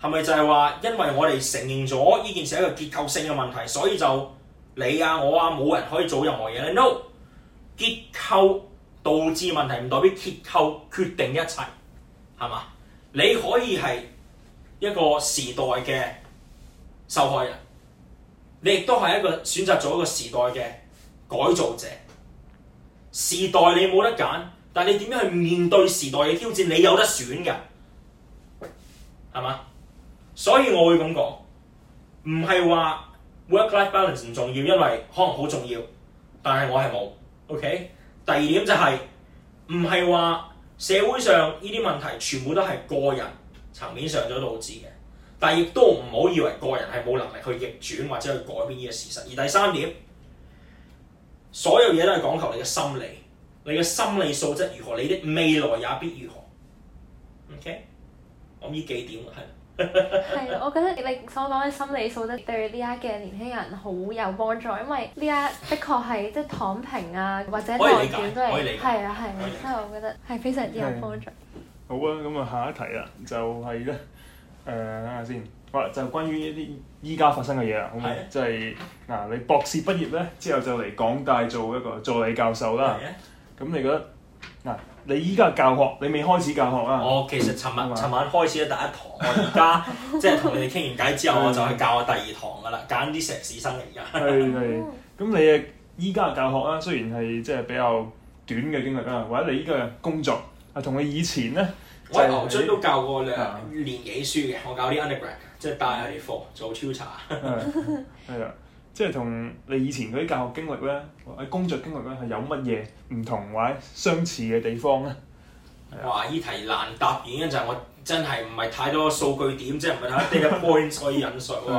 係咪就係話，因為我哋承認咗呢件事係一個結構性嘅問題，所以就你啊我啊冇人可以做任何嘢咧？No。結構導致問題唔代表結構決定一切，係嘛？你可以係一個時代嘅受害人，你亦都係一個選擇咗一個時代嘅改造者。時代你冇得揀，但係你點樣去面對時代嘅挑戰，你有得選㗎，係嘛？所以我會咁講，唔係話 work-life balance 唔重要，因為可能好重要，但係我係冇。OK，第二點就係唔係話社會上呢啲問題全部都係個人層面上咗導致嘅，但係亦都唔好以為個人係冇能力去逆轉或者去改變呢個事實。而第三點，所有嘢都係講求你嘅心理，你嘅心理素質如何，你的未來也必如何。OK，我呢幾點係。係啊， (laughs) 我覺得你所講嘅心理素質對呢家嘅年輕人好有幫助，因為呢家的確係即係躺平啊，或者內捲都係，係啊係啊，所以我覺得係非常之有幫助。好啊，咁啊下一題啦，就係咧誒，等下先，好啦的就關於一啲依家發生嘅嘢啦，即係嗱你博士畢業咧之後就嚟港大做一個助理教授啦，咁的你覺得？嗱，你依家教學，你未開始教學啊？我、哦、其實尋晚尋晚開始咗第一堂，我而家即係同你哋傾完偈之後， (laughs) 我就去教我第二堂噶啦，揀啲碩士生嚟噶。係係，咁你啊依家嘅教學啦，雖然係即係比較短嘅經歷啊，或者你依家嘅工作啊，同你以前咧，我係牛津都教過兩年幾書嘅， (laughs) 的我教啲 undergrad，即係帶下啲課做 tutorial。t 係啊。即係同你以前嗰啲教學經歷咧，喺工作經歷咧係有乜嘢唔同或者相似嘅地方咧？哇！依題難答嘅就係我真係唔係太多數據點，即係唔係太多 data point 可以引述喎。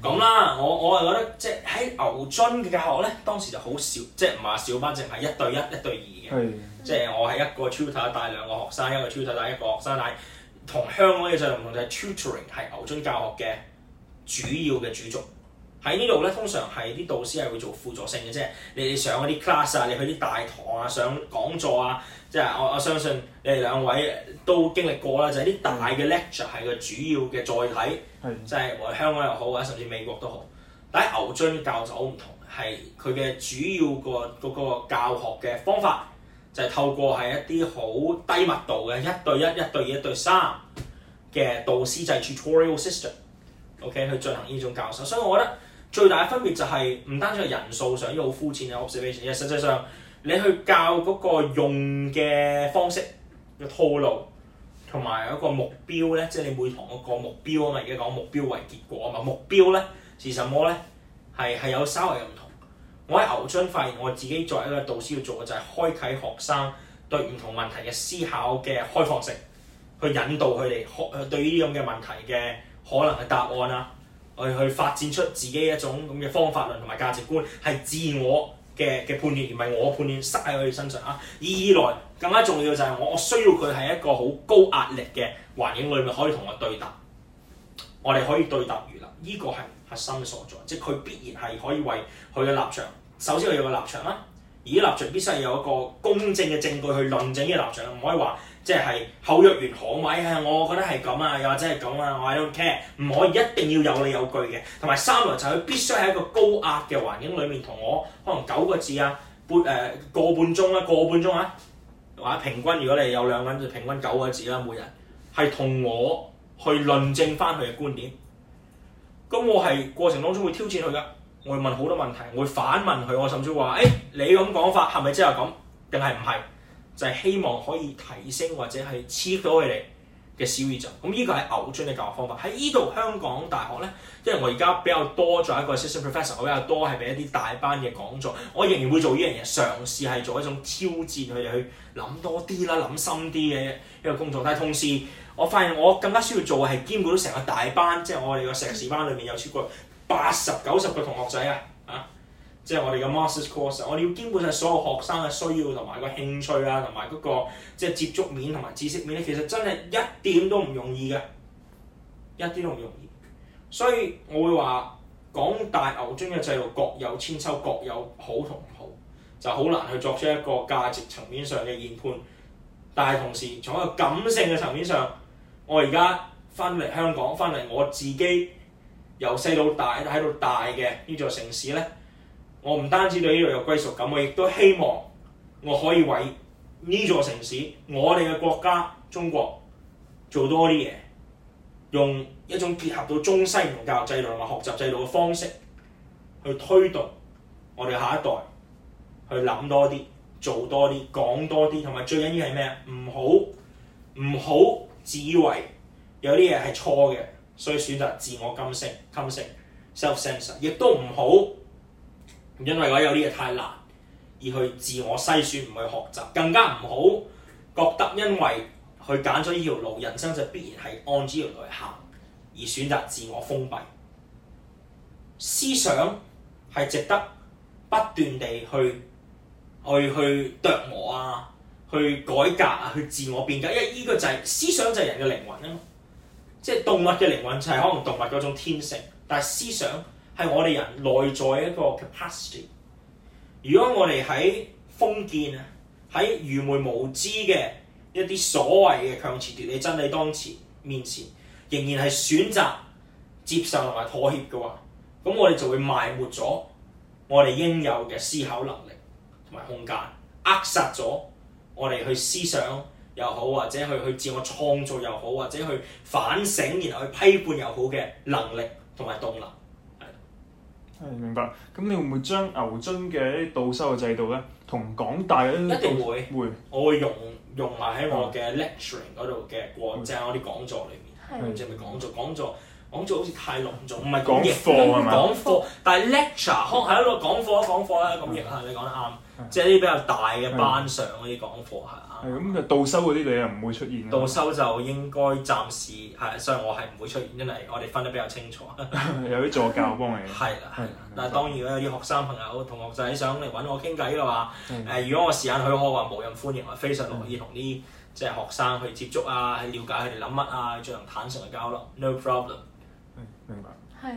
咁是啦，是我我係覺得即係喺牛津嘅教學咧，當時就好少，即係唔係話小班，淨係一對一、一對二嘅。即係是我係一個 tutor 帶兩個學生，一個 tutor 帶一個學生，但係同香港嘅就唔同，就係、是、tutoring 係牛津教學嘅主要嘅主軸。喺呢度咧，通常係啲導師係會做輔助性嘅啫。你你上嗰啲 class 啊，你去啲大堂啊，上講座啊，即係我我相信你哋兩位都經歷過啦。就係、是、啲大嘅 lecture 係個主要嘅載體，即係我香港又好啊，甚至美國都好。但係牛津教授好唔同，係佢嘅主要個嗰個教學嘅方法就係、是、透過係一啲好低密度嘅一對一、一對二、一對三嘅導師制，就是、tutorial system，OK、okay? 去進行呢種教授。所以我覺得。最大嘅分別就係唔單止係人數上要好膚淺嘅 observation，而實際上你去教嗰個用嘅方式嘅套路同埋一個目標咧，即係你每堂嗰個目標啊嘛，而家講目標為結果啊嘛，目標咧是什麼咧？係係有稍微嘅唔同。我喺牛津發現我自己作為一個導師要做嘅就係開啟學生對唔同問題嘅思考嘅開放性，去引導佢哋對呢啲咁嘅問題嘅可能嘅答案啦。我去發展出自己一種咁嘅方法論同埋價值觀，係自我嘅嘅判斷，而唔係我判斷塞喺佢身上啊。二來更加重要就係我我需要佢喺一個好高壓力嘅環境裏面可以同我對答。我哋可以對答如流，呢個係核心嘅所在，即係佢必然係可以為佢嘅立場。首先佢要有個立場啦，而啲立場必須係有一個公正嘅證據去論證呢個立場，唔可以話。即係口若懸河，咪我覺得係咁啊，又或者係咁啊，I don't care，唔可以，一定要有理有據嘅。同埋三來就係必須喺一個高壓嘅環境裏面同我，可能九個字啊，半誒個半鐘啦、啊，個半鐘啊，或者平均如果你有兩個人，就平均九個字啦、啊，每人係同我去論證翻佢嘅觀點。咁我係過程當中會挑戰佢噶，我會問好多問題，我會反問佢，我甚至話：誒、欸、你咁講法係咪真係咁，定係唔係？就係希望可以提升或者係刺激到佢哋嘅小宇宙，咁呢個係牛津嘅教學方法。喺呢度香港大學咧，因為我而家比較多做一個 assistant professor，我比較多係俾一啲大班嘅講座，我仍然會做呢樣嘢，嘗試係做一種挑戰佢哋去諗多啲啦，諗深啲嘅一個工作。但係同時，我發現我更加需要做嘅係兼顧到成個大班，即係我哋個碩士班裏面有超過八十九十個同學仔啊！啊！即係我哋嘅 master course，我哋要兼顧曬所有學生嘅需要同埋個興趣啊，同埋嗰個即係接觸面同埋知識面咧，其實真係一點都唔容易嘅，一啲都唔容易。所以我會話講大牛津嘅制度各有千秋，各有好同唔好，就好難去作出一個價值層面上嘅研判。但係同時從一個感性嘅層面上，我而家翻嚟香港，翻嚟我自己由細到大喺度大嘅呢座城市咧。我唔單止對呢度有歸屬感，我亦都希望我可以為呢座城市、我哋嘅國家、中國做多啲嘢，用一種結合到中西嘅教育制度同埋學習制度嘅方式去推動我哋下一代去諗多啲、做多啲、講多啲，同埋最緊要係咩啊？唔好唔好自以為有啲嘢係錯嘅，所以選擇自我禁聲、禁聲 self censor，亦都唔好。因為我有啲嘢太難，而去自我篩選，唔去學習，更加唔好覺得因為去揀咗呢條路，人生就必然係按呢條路嚟行，而選擇自我封閉。思想係值得不斷地去去去琢磨啊，去改革啊，去自我變革，因為呢個就係、是、思想就係人嘅靈魂啊嘛。即係動物嘅靈魂就係可能動物嗰種天性，但係思想，係我哋人內在一個 capacity。如果我哋喺封建啊、喺愚昧無知嘅一啲所謂嘅強詞奪理真理當前面前，仍然係選擇接受同埋妥協嘅話，咁我哋就會埋沒咗我哋應有嘅思考能力同埋空間，扼殺咗我哋去思想又好，或者去去自我創造又好，或者去反省然後去批判又好嘅能力同埋動能。係明白，咁你會唔會將牛津嘅一啲導修嘅制度咧，同港大嘅一啲會，會我會用用埋喺我嘅 lecturing 嗰度嘅，即係、嗯、我啲講座裏面，唔知係咪講座？講座講座好似太隆重，唔係講,講課係嘛、嗯？講課，但係 lecture 可能喺度講課啊講課啦，咁亦係你講得啱。即係啲比較大嘅班上嗰啲講課係啊，係咁就導修嗰啲你又唔會出現。導修就應該暫時係，所以我係唔會出現，因為我哋分得比較清楚。 (laughs) 有啲助教幫你。係啦，係啦。但係當然啦，有啲學生朋友、同學仔想嚟揾我傾偈嘅話，誒的，如果我時間許可，話無任歡迎，我非常樂意同啲即係學生去接觸啊，去了解佢哋諗乜啊，進行坦誠嘅交流。No problem。明白。係。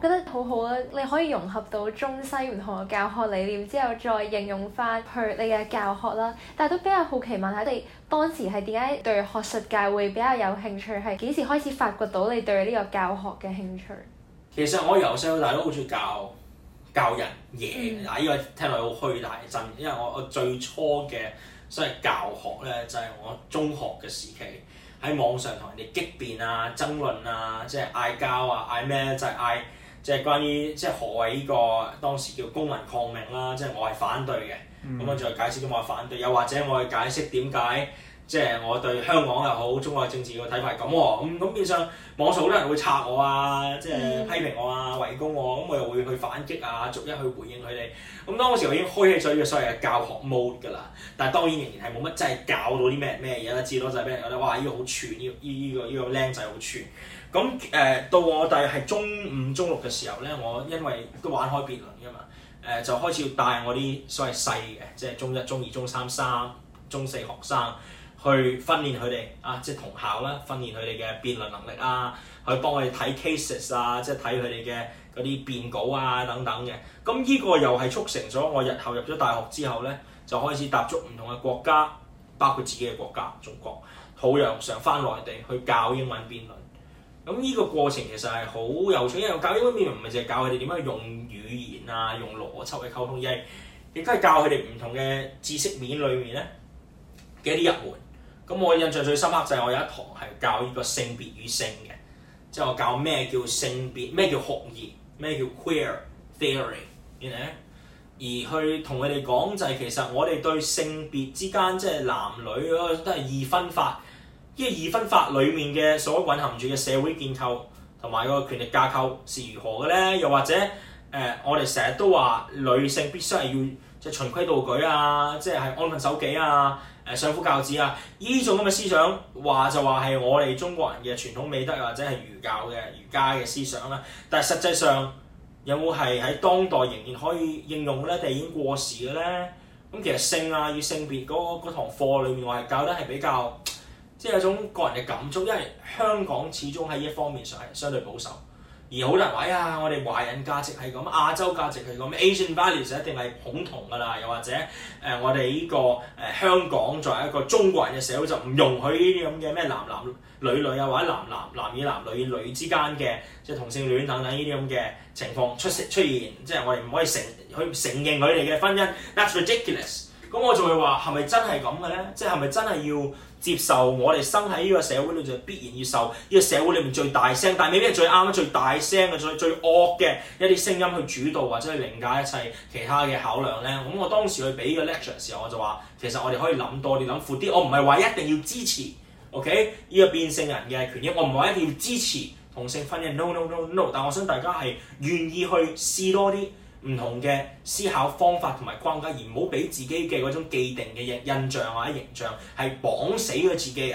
我覺得好好啊。你可以融合到中西唔同嘅教學理念之後，再應用翻去你嘅教學啦。但係都比較好奇問下你當時係點解對學術界會比較有興趣？係幾時開始發掘到你對呢個教學嘅興趣？其實我由細到大都好似教教人嘢，啊！呢個聽落好虛大真，因為我我最初嘅所謂教學咧，就係、是、我中學嘅時期喺網上同人哋激辯啊、爭論啊、即係嗌交啊，嗌咩就係嗌～即係關於即係何謂呢、呢個當時叫公民抗命啦，即係我係反對嘅，咁我仲再解釋點我係反對，又或者我去解釋點解即係我對香港又好中國政治個睇法咁喎，咁咁、嗯、變相網上好多人都會拆我啊，即係批評我啊，圍攻我，咁我又會去反擊啊，逐一去回應佢哋。咁當時我已經開起咗呢個所謂嘅教學 mode 㗎啦。但係當然仍然係冇乜真係教到啲咩咩嘢啦，至多就係畀人覺得：哇「哇、這、呢個好串，呢呢呢個呢、呢個僆仔好串。呢個呢個咁誒到我大約係中五、中六嘅時候咧，我因為都玩開辯論嘅嘛，誒就開始要帶我啲所謂細嘅，即係中一、中二、中三、三、中四學生去訓練佢哋啊，即係同校啦，訓練佢哋嘅辯論能力啊，去幫我哋睇 cases 啊，即係睇佢哋嘅啲辯稿啊等等嘅。咁呢個又係促成咗我日後入咗大學之後咧，就開始踏足唔同嘅國家，包括自己嘅國家中國，土壤上翻內地去教英文辯論。咁呢個過程其實係好有趣，因為我教英文面唔係淨係教佢哋點樣用語言啊、用邏輯嘅溝通，而亦都係教佢哋唔同嘅知識面裏面咧嘅一啲入門。咁我印象最深刻就係我有一堂係教呢個性別與性嘅，即係我教咩叫性別、咩叫學業、咩叫 queer theory，you know? 而去同佢哋講就係、是、其實我哋對性別之間即係男女都係二分法。依、這個二分法裡面嘅所蘊含住嘅社會建構同埋個權力架構是如何嘅咧？又或者誒、呃，我哋成日都話女性必須係要即係循規蹈矩啊，即係安分守己啊，誒相夫教子啊，呢種咁嘅思想話就話係我哋中國人嘅傳統美德，或者係儒教嘅儒家嘅思想啦、啊。但係實際上有冇係喺當代仍然可以應用嘅咧？定已經過時嘅咧？咁其實性啊與性別嗰堂課裡面，我係教得係比較。即係有種個人嘅感觸，因為香港始終喺呢一方面上係相對保守，而好難話。哎呀，我哋華人價值係咁，亞洲價值係咁 Asian values 一定係恐同㗎啦。又或者誒、呃，我哋呢、呢個誒、呃、香港作為一個中國人嘅社會，就唔容許呢啲咁嘅咩男男女女啊，或者男男男以男女以女之間嘅即係同性戀等等呢啲咁嘅情況出出現，即係我哋唔可以承去承認佢哋嘅婚姻。That's ridiculous。嗯。咁我就會話係咪真係咁嘅咧？即係係咪真係要？接受我哋生喺呢個社會裏邊，就必然要受呢個社會裏面最大聲，但未必係最啱、最大聲嘅最最惡嘅一啲聲音去主導，或者去凌駕一切其他嘅考量咧。咁我當時去俾呢個 lecture 嘅時候，我就話其實我哋可以諗多啲、諗闊啲。我唔係話一定要支持，OK？呢個變性人嘅權益，我唔係話一定要支持同性婚姻，no no no no, no。但我想大家係願意去試多啲。唔同嘅思考方法同埋框架，而唔好俾自己嘅嗰種既定嘅印象，或者形象係綁死咗自己嘅。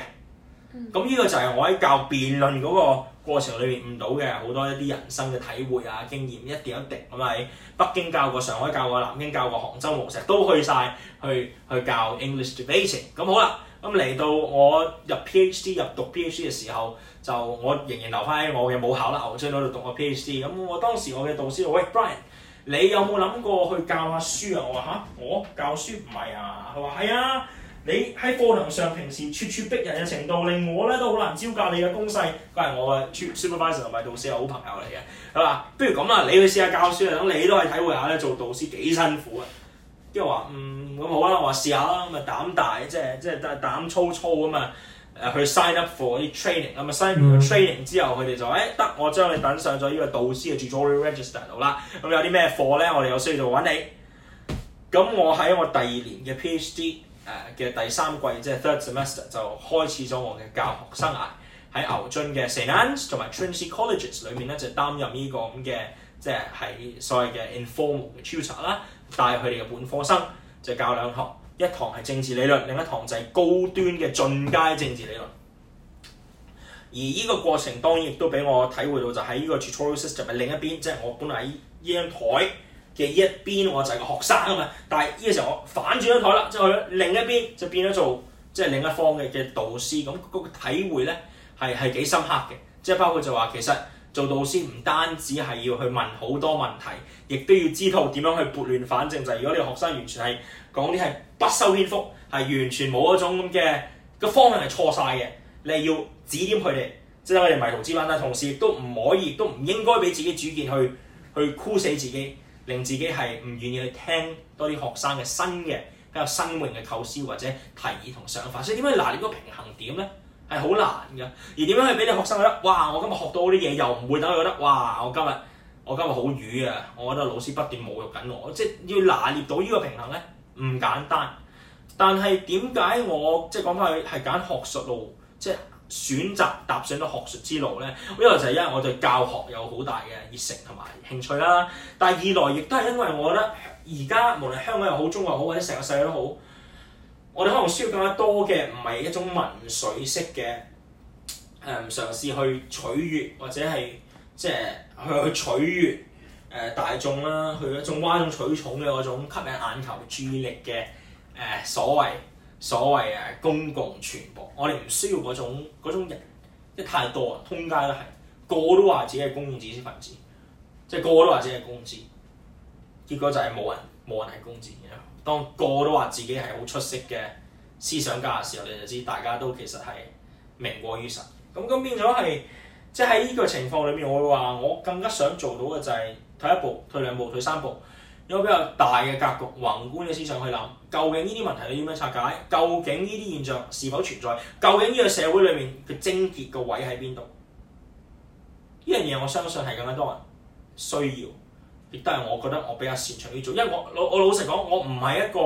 咁呢個就係我喺教辯論嗰個過程裏面悟到嘅好多一啲人生嘅體會啊、經驗，一點一滴咁喺北京教過、上海教過、南京教過、杭州、無錫都去晒去去教 English debating。咁好啦，咁嚟到我入 PhD 入讀 PhD 嘅時候，就我仍然留翻喺我嘅母校啦，牛津嗰度讀我 PhD。咁我當時我嘅導師話：喂，Brian。你有冇諗過去教下書啊？我話吓、啊，我教書唔係啊。佢話係啊，你喺課堂上平時咄咄逼人嘅程度，令我咧都好難招架你嘅攻勢。佢係我嘅 supervisor，同埋導師嘅好朋友嚟嘅。佢話：不如咁啊，你去試下教書啊，咁你都係體會下咧，做導師幾辛苦啊。即係話，嗯，咁好啊，我話試下啦，咁咪膽大，即係即係但係膽粗粗啊嘛。誒去 sign up for 啲 training，咁啊 sign 完個 training 之後，佢哋就話：誒得，我將你登上咗呢個導師嘅 tutorial register 度啦。咁有啲咩課咧，我哋有需要就揾你。咁我喺我第二年嘅 PhD 誒嘅第三季，即係 third semester 就開始咗我嘅教學生涯，喺牛津嘅 St Anne's 同埋 Trinity Colleges 裏面咧就擔任呢個咁嘅，即係喺所謂嘅 informal 嘅 tutor 啦，帶佢哋嘅本科生，就教兩堂。一堂係政治理論，另一堂就係高端嘅進階政治理論。而呢個過程當然亦都俾我體會到，就喺呢個 tutorial system 嘅另一邊，即係我本來喺呢張台嘅呢一邊，我就係個學生啊嘛。但係呢個時候我反轉咗台啦，即係去咗另一邊，就變咗做即係另一方嘅嘅導師。咁嗰個體會咧係係幾深刻嘅，即係包括就話其實做導師唔單止係要去問好多問題，亦都要知道點樣去撥亂反正。就係如果你學生完全係講啲係，不收偏幅，係完全冇一種噉嘅、嗰個方向係錯晒嘅，你係要指點佢哋，即係我哋迷途知返。但同時亦都唔可以，亦都唔應該俾自己主見去去箍死自己，令自己係唔願意去聽多啲學生嘅新嘅比較新穎嘅構思或者提議同想法。所以點樣拿捏個平衡點咧，係好難㗎。而點樣去俾你學生覺得，哇！我今日學到嗰啲嘢又唔會，等佢覺得，哇！我今日我今日好瘀啊！我覺得老師不斷侮辱緊我，即係要拿捏到呢個平衡咧。唔簡單，但係點解我即係講翻佢係揀學術路，即係選擇踏上咗學術之路咧？呢個就係因為我對教學有好大嘅熱誠同埋興趣啦，但係二來亦都係因為我覺得而家無論香港又好，中國又好，或者成個世界都好，我哋可能需要更加多嘅唔係一種文水式嘅誒、呃、嘗試去取悅，或者係即係去去取悅。誒大眾啦，佢一種嘩眾取寵嘅嗰種吸引眼球注意力嘅誒、呃、所謂所謂誒公共傳播，我哋唔需要嗰種嗰種人，即太多啊，通街都係個個都話自己係公共知識分子，即係個個都話自己係公知，結果就係冇人冇人係公知嘅。當個個都話自己係好出色嘅思想家嘅時候，你就知大家都其實係名過於實。咁咁變咗係即係喺呢個情況裏面，我會話我更加想做到嘅就係、是。退一步，退兩步，退三步，有比較大嘅格局，宏觀嘅思想去諗究竟呢啲問題你點樣拆解？究竟呢啲現象是否存在？究竟呢個社會裏面佢症結個位喺邊度？呢樣嘢我相信係咁樣多人需要，亦都係我覺得我比較擅長呢種，因為我老我老實講我唔係一個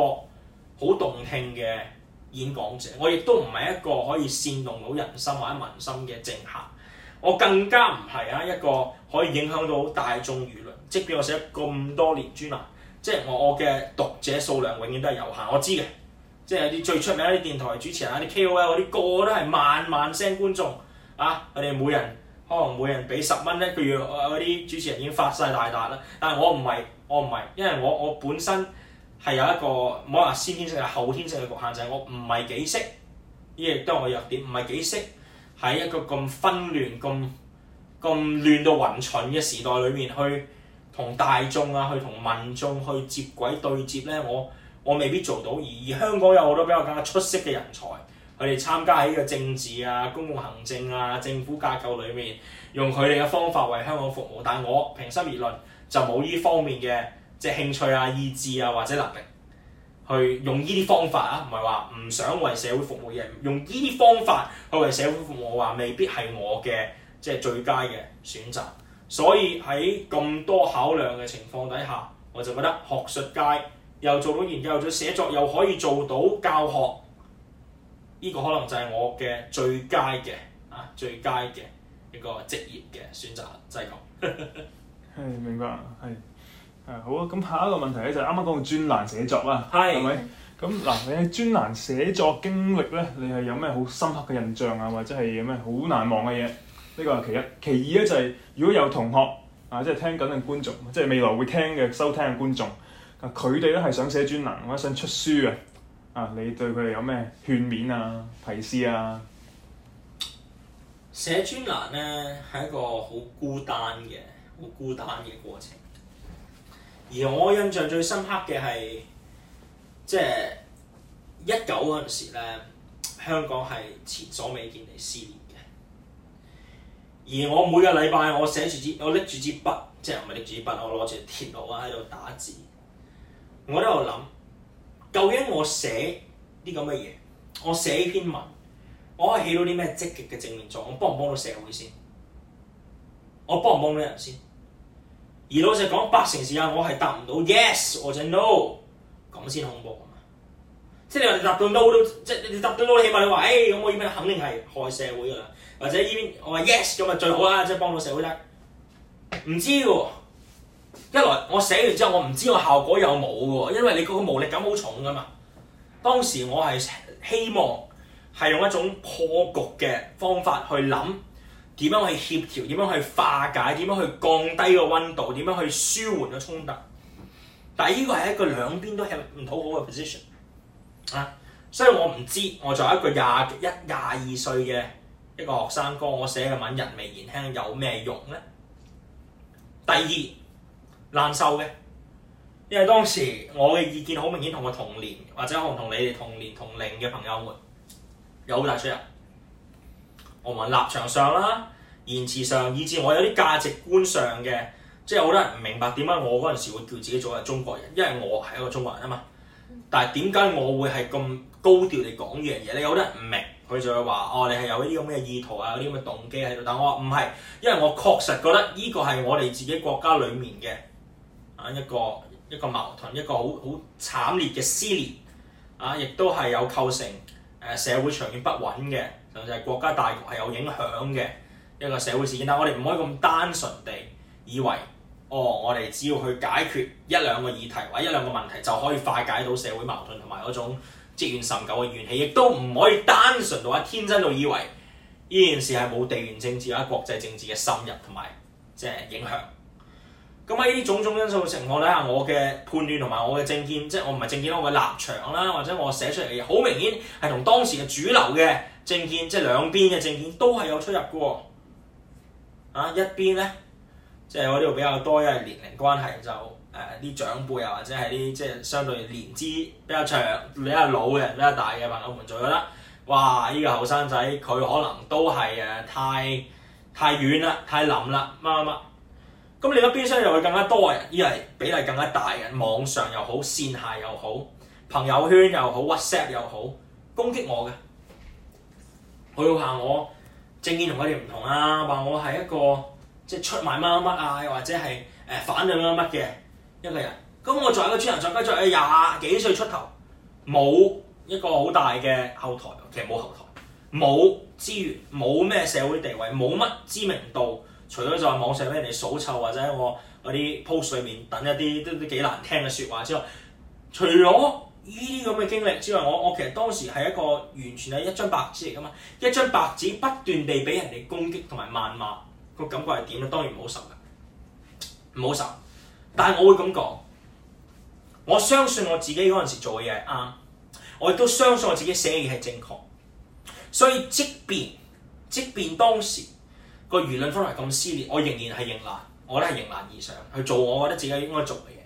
好動聽嘅演講者，我亦都唔係一個可以煽動到人心或者民心嘅政客，我更加唔係啊一個可以影響到大眾娛。即係，我寫咁多年專欄，即係我我嘅讀者數量永遠都係有限。我知嘅，即係有啲最出名啲電台主持人，OL，人漫漫啊，啲 K O L 嗰啲個個都係萬萬聲觀眾啊。佢哋每人可能每人俾十蚊咧，譬如嗰啲主持人已經發晒大達啦。但係我唔係，我唔係，因為我我本身係有一個冇話先天性啊，後天性嘅局限就係、是、我唔係幾識，呢亦都係我弱點，唔係幾識喺一個咁紛亂、咁咁亂到雲蠢嘅時代裏面去。同大眾啊，去同民眾去接軌對接咧，我我未必做到。而而香港有好多比較更加出色嘅人才，佢哋參加喺個政治啊、公共行政啊、政府架構裏面，用佢哋嘅方法為香港服務。但係我平心而論，就冇呢方面嘅即係興趣啊、意志啊或者能力去用呢啲方法啊，唔係話唔想為社會服務嘅，用呢啲方法去為社會服務，我話未必係我嘅即係最佳嘅選擇。所以喺咁多考量嘅情況底下，我就覺得學術界又做到研究，又做寫作，又可以做到教學，呢、這個可能就係我嘅最佳嘅啊，最佳嘅一個職業嘅選擇，真係講。係 (laughs) 明白，係係好啊。咁下一個問題咧就係啱啱講到專欄寫作啦，係咪是？咁嗱，你喺專欄寫作經歷咧，你係有咩好深刻嘅印象啊？或者係有咩好難忘嘅嘢？呢個係其一，其二咧就係如果有同學啊，即係聽緊嘅觀眾，即係未來會聽嘅收聽嘅觀眾，佢哋咧係想寫專欄或者想出書啊，啊，你對佢哋有咩勸勉啊、提示啊？寫專欄咧係一個好孤單嘅、好孤單嘅過程。而我印象最深刻嘅係，即係一九嗰陣時咧，香港係前所未見嘅事。而我每個禮拜，我寫住支，我拎住支筆，即係唔係拎住支筆，我攞住電腦啊喺度打字。我喺度諗，究竟我寫啲咁嘅嘢，我寫篇文，我係起到啲咩積極嘅正面作用？我幫唔幫到社會先？我幫唔幫到人先？而老實講，八成時間我係答唔到 yes 或者 no，咁先恐怖吖嘛？即係你話你答到 no 都，即係你答到 no，起碼你話，誒、欸、咁我依啲肯定係害社會噶啦。或者呢邊我話 yes 咁啊最好啦，即係幫到社會啦。唔知喎，一來我寫完之後我唔知個效果有冇喎，因為你嗰個無力感好重噶嘛。當時我係希望係用一種破局嘅方法去諗點樣去協調，點樣去化解，點樣去降低個溫度，點樣去舒緩個衝突。但係呢個係一個兩邊都係唔討好嘅 position 啊，所以我唔知，我作為一個廿一、廿二歲嘅。一個學生哥，我寫嘅文，人微言輕，有咩用咧？第二難受嘅，因為當時我嘅意見好明顯同我同年或者同同你哋同年同齡嘅朋友們有好大出入。我問立場上啦、言辭上，以至我有啲價值觀上嘅，即係好多人唔明白點解我嗰陣時會叫自己做係中國人，因為我係一個中國人啊嘛。但係點解我會係咁高調地講呢樣嘢？有好多人唔明。佢就會話：哦，你係有呢啲咁嘅意圖啊，有啲咁嘅動機喺度。但我話唔係，因為我確實覺得呢個係我哋自己國家裡面嘅啊一個一個矛盾，一個好好慘烈嘅撕裂啊，亦都係有構成誒社會長遠不穩嘅，甚至係國家大局係有影響嘅一個社會事件。但我哋唔可以咁單純地以為，哦，我哋只要去解決一兩個議題或者一兩個問題，就可以化解到社會矛盾同埋嗰種。積怨甚久嘅怨氣，亦都唔可以單純到話，天真到以為呢件事係冇地緣政治或者國際政治嘅深入同埋即係影響。咁喺呢種種因素嘅情況底下，我嘅判斷同埋我嘅政見，即係我唔係政見，我嘅立場啦，或者我寫出嚟嘅嘢，好明顯係同當時嘅主流嘅政見，即係兩邊嘅政見都係有出入㗎喎。啊，一邊咧，即係我呢度比較多，因為年齡關係就。誒啲、呃、長輩又或者係啲即係相對年資比較長、比較老嘅、比較大嘅朋友們，做。覺得哇！依、這個後生仔佢可能都係誒太太遠啦、太諗啦，乜乜乜。咁另一邊廂又會更加多嘅人，依為比例更加大嘅，網上又好、線下又好、朋友圈又好、WhatsApp 又好，攻擊我嘅。佢要話我政見同佢哋唔同啊，話我係一個即係出賣乜乜啊，或者係誒反對乜乜嘅。一個人，咁我作為一個專欄作家，作為廿幾歲出頭，冇一個好大嘅後台，其實冇後台，冇資源，冇咩社會地位，冇乜知名度，除咗就係網上俾人哋數臭或者我嗰啲 post 裏面等一啲都都幾難聽嘅説話之外，除咗呢啲咁嘅經歷之外，我我其實當時係一個完全係一張白紙嚟噶嘛，一張白紙不斷地俾人哋攻擊同埋謾罵，個感覺係點咧？當然唔好受噶，唔好受。但係我會咁講，我相信我自己嗰陣時做嘅嘢係啱，我亦都相信我自己寫嘅嘢係正確，所以，即便即便當時，這個輿論氛圍咁撕裂，我仍然係迎難，我覺得係迎難而上去做，我覺得自己應該做嘅。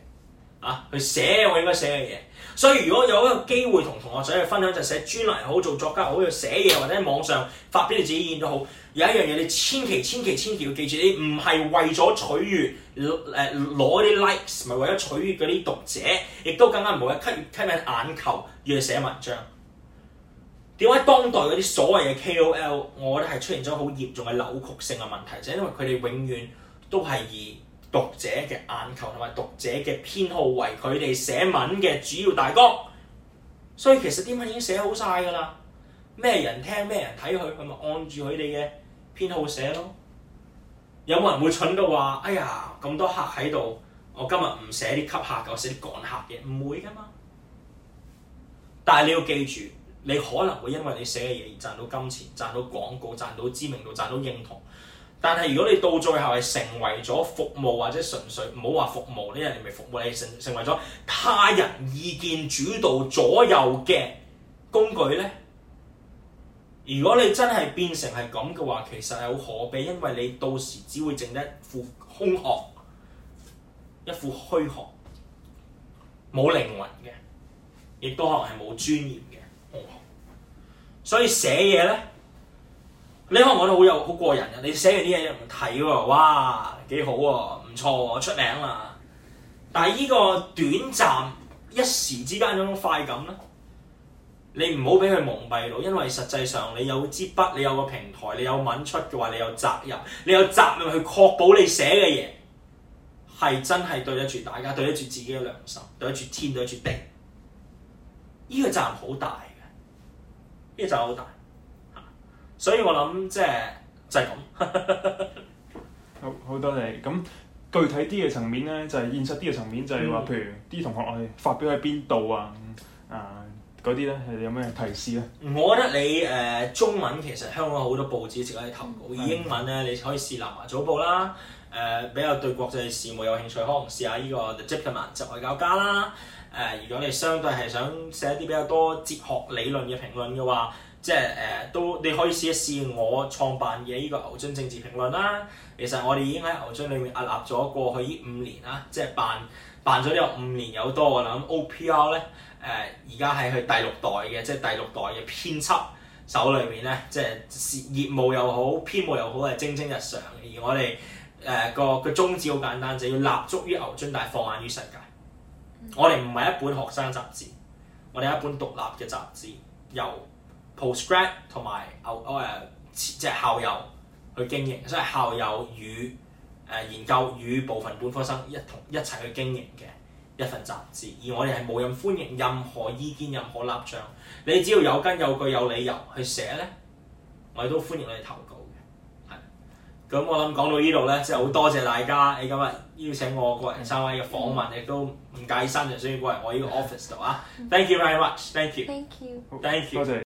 啊！去寫我應該寫嘅嘢，所以如果有一個機會同同學仔去分享，就寫專欄好，做作家好，要寫嘢或者喺網上發表你自己意見都好。有一樣嘢你千祈千祈千祈要記住，你唔係為咗取悅誒攞啲 likes，唔係為咗取悅嗰啲讀者，亦都更加唔好一吸吸引眼球要去寫文章。點解當代嗰啲所謂嘅 KOL，我覺得係出現咗好嚴重嘅扭曲性嘅問題，就係因為佢哋永遠都係以讀者嘅眼球同埋讀者嘅偏好為佢哋寫文嘅主要大綱，所以其實啲文已經寫好晒㗎啦。咩人聽咩人睇佢，佢咪按住佢哋嘅編號寫咯。有冇人會蠢到話，哎呀，咁多客喺度，我今日唔寫啲吸客嘅，我寫啲趕客嘅，唔會㗎嘛。但係你要記住，你可能會因為你寫嘅嘢而賺到金錢、賺到廣告、賺到知名度、賺到認同。但係如果你到最後係成為咗服務或者純粹唔好話服務呢人嘢，咪服務你成成為咗他人意見主導左右嘅工具咧？如果你真係變成係咁嘅話，其實係好可悲，因為你到時只會剩一副空殼，一副虛殼，冇靈魂嘅，亦都可能係冇專業嘅。所以寫嘢咧。你可能覺得好有好過人嘅，你寫完啲嘢唔睇喎，哇幾好喎、啊，唔錯喎、啊，出名啦！但係呢個短暫、一時之間嗰種快感咧，你唔好俾佢蒙蔽到，因為實際上你有支筆，你有個平台，你有文出嘅話，你有責任，你有責任去確保你寫嘅嘢係真係對得住大家，對得住自己嘅良心，對得住天，對得住地。呢、這個責任好大嘅，呢、這個責任好大。所以我諗即係就係、是、咁 (laughs) 。好，好多謝。咁具體啲嘅層面咧，就係、是、現實啲嘅層面，就係、是、話譬如啲、嗯、同學，我哋發表喺邊度啊？啊，嗰啲咧，你有咩提示咧？我覺得你誒、呃、中文其實香港好多報紙可以投稿，嗯、英文咧你可以試《南華早報》啦。誒、呃，比較對國際事務有興趣，可能試下呢個《The Diplomat》《就外交家》啦。誒、呃，如果你相對係想寫啲比較多哲學理論嘅評論嘅話，即係誒，都、呃、你可以試一試我創辦嘅呢個牛津政治評論啦。其實我哋已經喺牛津裏面屹立咗過去呢五年啦，即係辦辦咗有五年有多嘅啦。O P R 咧誒，而家係佢第六代嘅，即係第六代嘅編輯手裏面咧，即係業務又好，編務又好係蒸蒸日上嘅。而我哋誒、呃、個個，個宗旨好簡單，就要立足於牛津，但係放眼於世界。嗯、我哋唔係一本學生雜誌，我哋係一本獨立嘅雜誌，由 Postgrad 同埋牛，即係校友去經營，所以校友與誒研究與部分本科生一同一齊去經營嘅一份雜誌。而我哋係冇任何歡迎任何意見、任何立場。你只要有根有據有理由去寫咧，我哋都歡迎你投稿嘅。係，咁我諗講到呢度咧，即係好多謝大家。你今日邀請我個人三位嘅訪問，亦都唔介意心嘅，所以過嚟我呢個 office 度啊。Thank you very much. Thank you. Thank you. 多謝。